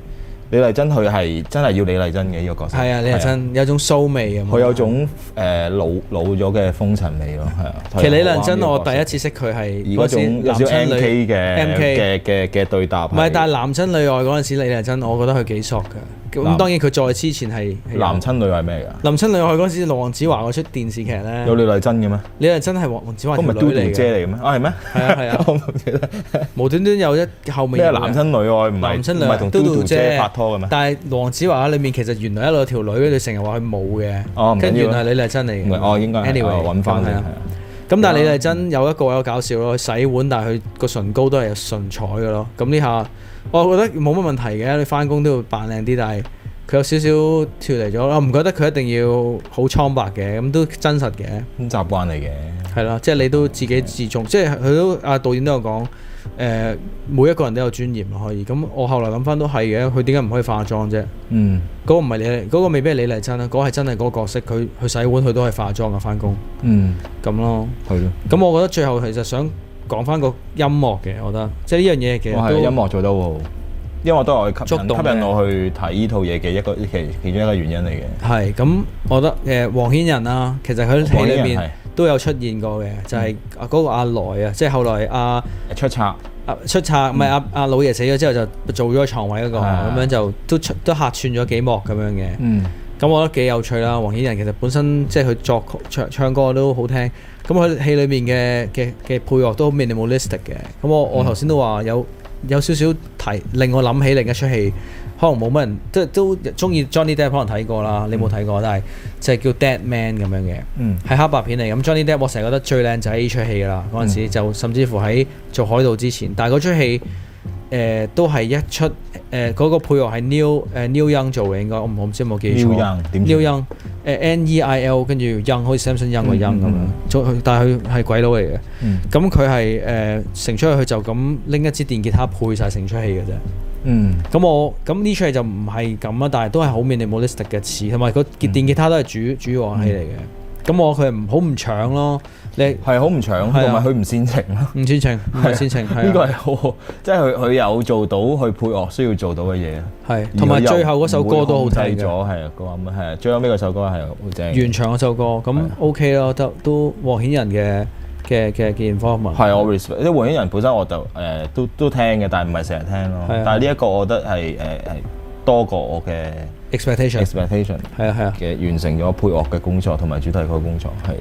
李麗珍佢係真係要李麗珍嘅呢、這個角色，係啊，李麗珍、啊、有種騷味咁，佢有種誒老老咗嘅風塵味咯，係啊。其實李麗珍我第一次識佢係嗰時男親女嘅嘅嘅對答，唔係，但係男親女愛嗰陣
時，李麗珍我覺得佢幾索㗎。咁當然佢再之前係男親女愛咩㗎？男親女愛嗰陣時，黃子華嗰出電視劇咧，有李
麗珍嘅咩？
李麗珍係黃子華，嗰個咪嘟嘟姐嚟嘅咩？啊係咩？係啊係啊，冇無端端有一後面，咩男親女愛唔係唔係同嘟嘟姐拍拖嘅咩？但係黃子華喺裡面其實原來一路有條女，佢成日話佢冇嘅，哦，跟原來李
麗珍嚟嘅，哦應該係 Anyway，係啊。
咁但係李麗珍有一個好搞笑咯，佢洗碗但係佢個唇膏都係有唇彩嘅咯。咁呢下。我覺得冇乜問題嘅，你翻工都要扮靚啲，但係佢有少少脫離咗。我唔覺得佢一定要好蒼白嘅，咁都真實嘅。習慣嚟嘅，係啦，即係你都自己自重，的即係佢都啊導演都有講，誒、呃、每一個人都有尊嚴可以。咁我後來諗翻都係嘅，佢點解唔可以化妝啫？嗯，嗰個唔係你嚟，嗰、嗰個未必係你嚟真啦，嗰個係真係嗰個角色，佢佢洗碗佢都係化妝啊翻工。嗯，咁咯，係咯的。咁我覺得最後其實想。講翻個音樂嘅，我覺得即係呢樣嘢
其實都我音樂做得好好，因為我都係吸引動吸引我去睇呢套嘢嘅一個其其中一個原因嚟嘅。係咁，我覺
得誒黃衍仁啊，其實佢戲裏面都有出現過嘅，就係、是、嗰個阿、嗯、來啊，即係後來阿出策冊、啊，出冊，唔係阿阿老爺死咗之後就做咗床位嗰、那個，咁、嗯、樣就都出都客串咗幾幕咁樣嘅。嗯，咁、嗯、我覺得幾有趣啦。黃衍仁其實本身即係佢作曲唱唱歌都好聽。咁佢戲裏面嘅嘅嘅配樂都 minimalistic 嘅，咁我、嗯、我頭先都話有有少少提令我諗起另一出戲，可能冇乜人即係都中意 Johnny Depp 可能睇過啦，嗯、你冇睇過，但係就係叫 Dead Man 咁樣嘅，嗯，係黑白片嚟。咁 Johnny Depp 我成日覺得最靚仔呢出戲啦，嗰陣時、嗯、就甚至乎喺做海盜之前，但係嗰出戲。誒、呃，都係一出誒，嗰、呃那個配樂係 n e w l 誒 n e i Young 做嘅，應該我我唔知冇記錯。n e w l n g 點 n e w l n 誒 N E I L，跟住 Young 好似 Samson Young 個 Young 咁、mm, mm, mm, 樣。但係佢係鬼佬嚟嘅，咁佢係誒成出去，佢就咁拎一支電吉他配晒成出戲嘅啫。嗯、mm,，咁我咁呢出戲就唔係咁啦，但係都係好明顯冇 o i s 嘅詞，同埋個結電吉他都係主 mm, mm, mm, 主
要樂器嚟嘅。咁我佢唔好唔搶咯。你係好唔搶，同埋佢唔煽情咯，唔煽情，唔煽情，呢個係好好，即係佢佢有做到佢配樂需要做到嘅嘢啊。同埋最後嗰首歌都好聽。講細咗歌咁，係最後尾嗰首歌係好正。原唱嗰首歌咁 OK 咯，得都黃顯仁嘅嘅嘅嘅演方嘛。係，我 respect 啲黃顯仁本身我就誒都都聽嘅，但係唔係成日聽咯。但係呢一個我覺得係誒係多過我嘅。expectation, expectation, 係啊係啊，完成咗配樂嘅工作同埋主題曲嘅工作，係，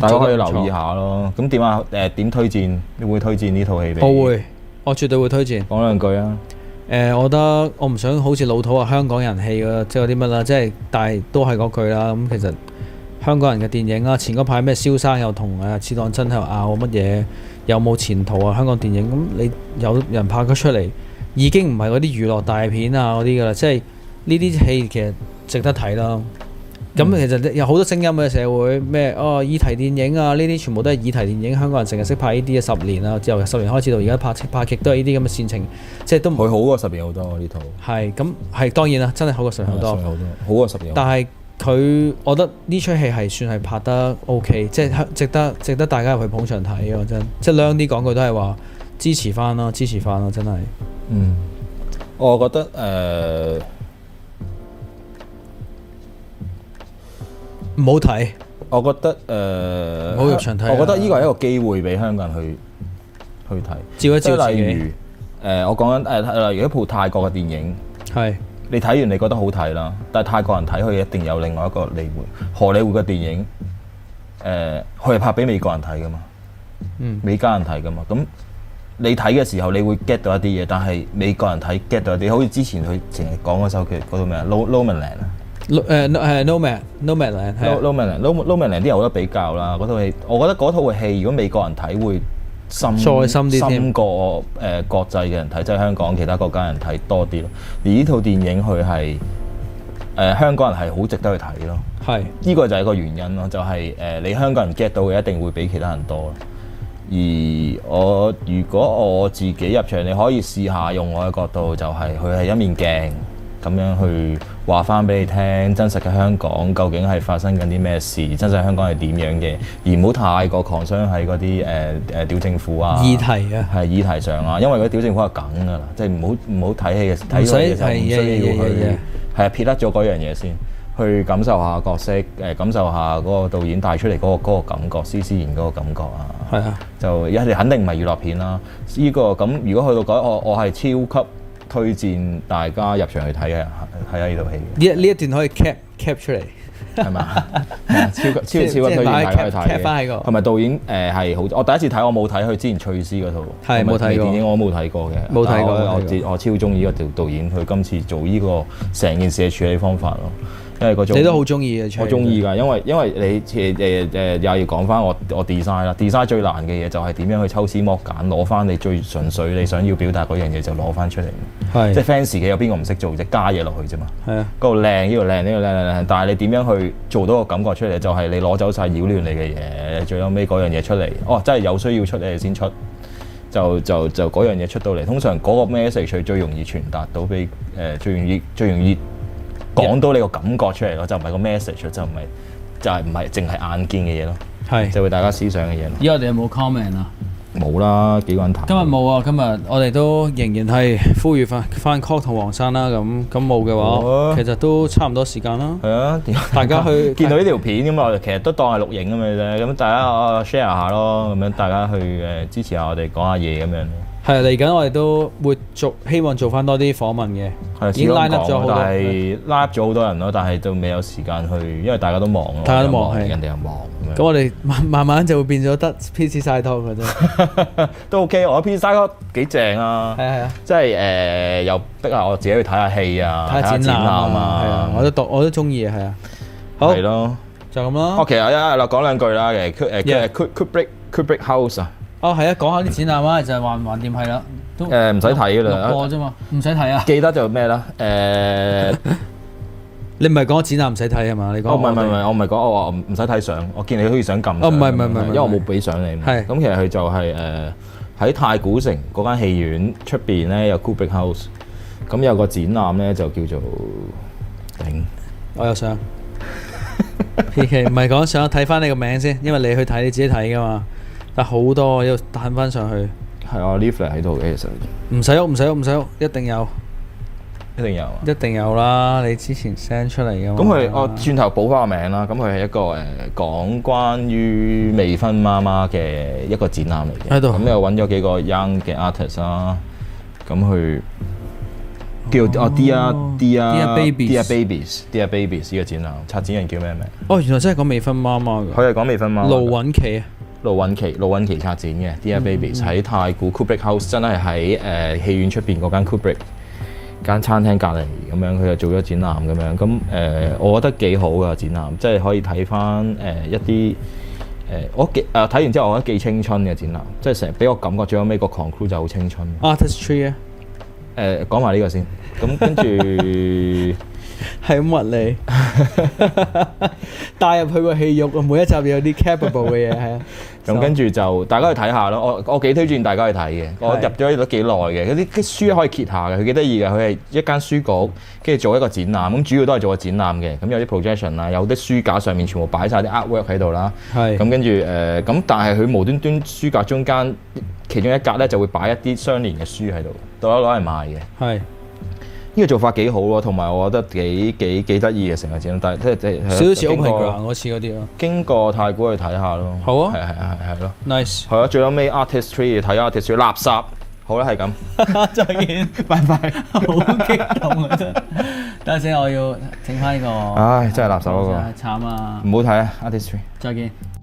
大家可以留意下咯。咁點啊？誒點、呃、推薦？你會推薦呢套戲俾我？我會，
我絕對會推薦。講兩句啊。誒、嗯呃，我覺得我唔想好似老土啊，香港人戲啊，即係有啲乜啦，即係但係都係嗰句啦。咁其實香港人嘅電影啊，前嗰排咩蕭生又同啊賜當真喺度拗乜嘢，有冇前途啊？香港電影咁，你有人拍咗出嚟，已經唔係嗰啲娛樂大片啊嗰啲噶啦，即係。.呢啲戲其實值得睇咯。咁其實有好多聲音嘅社會咩哦，議題電影啊，呢啲全部都係議題電影。香港人成日識拍呢啲啊，十年啦之後，十年開始到而家拍拍劇都係呢啲咁嘅煽情，即係都唔會好過十年好多啊！呢套係咁係當然啦，真係好過十年好多，多。
好過十年，但
係佢，我覺得呢出戲係算係拍得 OK，即係值得值得大家入去捧場睇。講真，即係僆啲講句都係話支持翻咯，支持翻咯，真係
嗯，我覺得誒。呃唔好睇，我覺得誒，呃好啊、我覺得呢個係一個機會俾香港人去去睇，照一照，例如誒、呃，我講緊誒，例如一部泰國嘅電影，係是你睇完你覺得好睇啦，但係泰國人睇佢一定有另外一個理會荷里活嘅電影，誒、呃，佢係拍俾美國人睇噶嘛，嗯，美加人睇噶嘛，咁你睇嘅時候你會 get 到一啲嘢，但係美國人睇 get 到一，你好似之前佢成日講嗰首佢嗰套咩啊，Low l o w l a n 誒誒 Nomad Nomad 嚟，Nomad 嚟 Nomad 嚟啲人好多比較啦。嗰套戲，我覺得嗰套嘅戲，如果美國人睇會深，深過誒國際嘅人睇，即係香港其他國家人睇多啲咯。而呢套電影佢係誒香港人係好值得去睇咯。係，呢個就係個原因咯。就係誒你香港人 get 到嘅一定會比其他人多。而我如果我自己入場，你可以試下用我嘅角度，就係佢係一面鏡。咁樣去話翻俾你聽，真實嘅香港究竟係發生緊啲咩事，真實香港係點樣嘅，而唔好太過狂傷喺嗰啲誒誒屌政府啊。議題啊，係議題上啊，因為嗰屌政府係梗㗎啦，即係唔好唔好睇戲睇嗰啲嘢就唔需要去係撇甩咗嗰樣嘢先，去感受下角色誒、呃，感受下嗰個導演帶出嚟嗰、嗰個嗰個感覺，詩詩然嗰個感覺啊。係啊的，就一係肯定唔係娛樂片啦、啊。呢、呢個咁如果去到嗰，我我係超級，推薦大家入場去睇嘅，睇吓呢套戲呢一呢一段可以 cap cap 出嚟，係嘛？超級超級推薦！cap 翻起過，同埋導演誒係好。我第一次睇我冇睇佢之前《翠絲》嗰套，係冇睇過電影，我冇睇過嘅，冇睇過。我我超中意個導導演，佢今次做呢個成件事嘅處理方法咯。你都好中意嘅，我中意㗎，因為因為你誒誒、呃呃、又要講翻我我 design 啦。design 最難嘅嘢就係點樣去抽絲剝繭，攞翻你最純粹你想要表達嗰樣嘢就攞翻出嚟。係即係 fancy 嘅，有邊個唔識做啫？加嘢落去啫嘛。係啊，嗰度靚，呢度靚，呢度靚，靚靚。但係你點樣去做到個感覺出嚟？就係你攞走晒擾亂你嘅嘢，最後尾嗰樣嘢出嚟。哦，真係有需要出嚟先出，就就就嗰樣嘢出到嚟。通常嗰個 message 最容易傳達到，俾誒最容易最容易。講到你個感覺出嚟咯，就唔係個 message，就唔係就係唔係淨係眼見嘅嘢咯，是就會大家思想嘅嘢。依家我哋有冇 comment 啊？
冇啦，幾鬼人痰。今日冇啊！今日我哋都仍然係呼籲翻翻 cot 同黃
山啦。咁咁冇嘅話，啊、其實都差唔多時間啦。係啊大 大，大家去見到呢條片咁啊，其實都當係錄影咁嘅啫。咁大家 share 下咯，咁樣大家去誒支持下我哋講下嘢咁樣。係啊，嚟緊，我哋都會做，希望做翻多啲訪問嘅。係，已經拉入咗，但係拉入咗好多人咯，但係都未有時間去，因為大家都忙咯。大家都忙，人哋又忙，
咁我哋慢慢慢就會變咗得 Pizzy SideTalk 噶啫。
都 OK，我 Pizzy SideTalk 幾正啊。係啊係啊，即係誒，又逼下我自己去睇下戲啊，睇下展覽啊。係啊，
我都讀，我都中意啊，係啊。好，係咯，就咁咯。OK
啊，來講兩句啦。誒 cut 誒 cut cut break cut break house 啊。哦，
係啊，講下啲展覽啊，就係橫掂係啦，都誒
唔使睇噶啦，六個啫
嘛，唔使睇啊。記得就咩
啦，誒，你唔係講展覽唔使睇係嘛？你講哦，唔係唔係，我唔係講我話唔使睇相，我見你好似想撳。哦，唔係唔係唔係，因為我冇俾相你。咁其實佢就係誒喺太古城嗰間戲院出邊咧有 Kubrick House，咁有個展覽咧就叫做頂。我有相。
唔係講想睇翻你個名先，因為你去睇你自己睇噶嘛。但好多又彈翻上去，係啊 leaflet 喺度嘅其實、啊，唔使鬱，唔使鬱，唔使鬱，一定有，一定有、啊，一定有啦！你之前 send 出嚟嘅，咁佢他吧、哦、我
轉頭補翻個名啦。咁佢係一個誒、呃、講關於未婚媽媽嘅一個展覽嚟嘅，喺度咁又揾咗幾個 young 嘅 artist 啦、啊，咁去叫、哦、啊 Dear Dear Babies，Dear Babies，Dear Babies 嘅展覽，策展人叫咩名？
哦，原來真係講未婚媽媽嘅，佢係講未婚媽媽。盧
允琪啊。盧允奇，盧允奇策展嘅 Dear Babies 喺、嗯嗯、太古 Kubrick House，真係喺誒戲院出邊嗰間 Kubrick 間餐廳隔離咁樣，佢又做咗展覽咁樣咁誒、呃，我覺得幾好噶展覽，即係可以睇翻誒一啲誒、呃、我記啊，睇完之後，我覺得幾青春嘅展覽，即係成日俾我感覺最後尾個 conclude 就好青春 Artistree 啊誒、yeah. 呃，講埋呢個先咁，跟住。 係物理帶
入去個戲肉啊！每一集有啲 capable 嘅嘢，
係啊、 嗯。咁跟住就大家去睇下咯、嗯。我我幾推薦大家去睇嘅。是我入咗都幾耐嘅。嗰啲啲書可以揭下嘅，佢幾得意嘅。佢係一間書局，跟住做一個展覽。咁、嗯、主要都係做個展覽嘅。咁有啲 projection 啊，有啲書架上面全部擺晒啲 artwork 喺度啦。係是。咁跟住誒，咁、呃、但係佢無端,端端書架中間其中一格咧，就會擺一啲相連嘅書喺度，到攞攞嚟賣嘅。係。呢個做法幾好咯，同埋我覺得幾幾幾得意嘅成日剪，但係即係即係經過嗰次嗰啲咯，經過太古去睇下咯，好啊，係係係係咯，Nice 係啊，最後尾 Artist Tree 睇啊，Artist Tree 垃圾，好啦，係咁， 再見，拜拜，好激動啊真， 等陣先我要整翻呢個，唉，真係垃圾嗰、那個，慘啊，唔好睇啊，Artist Tree， 再見。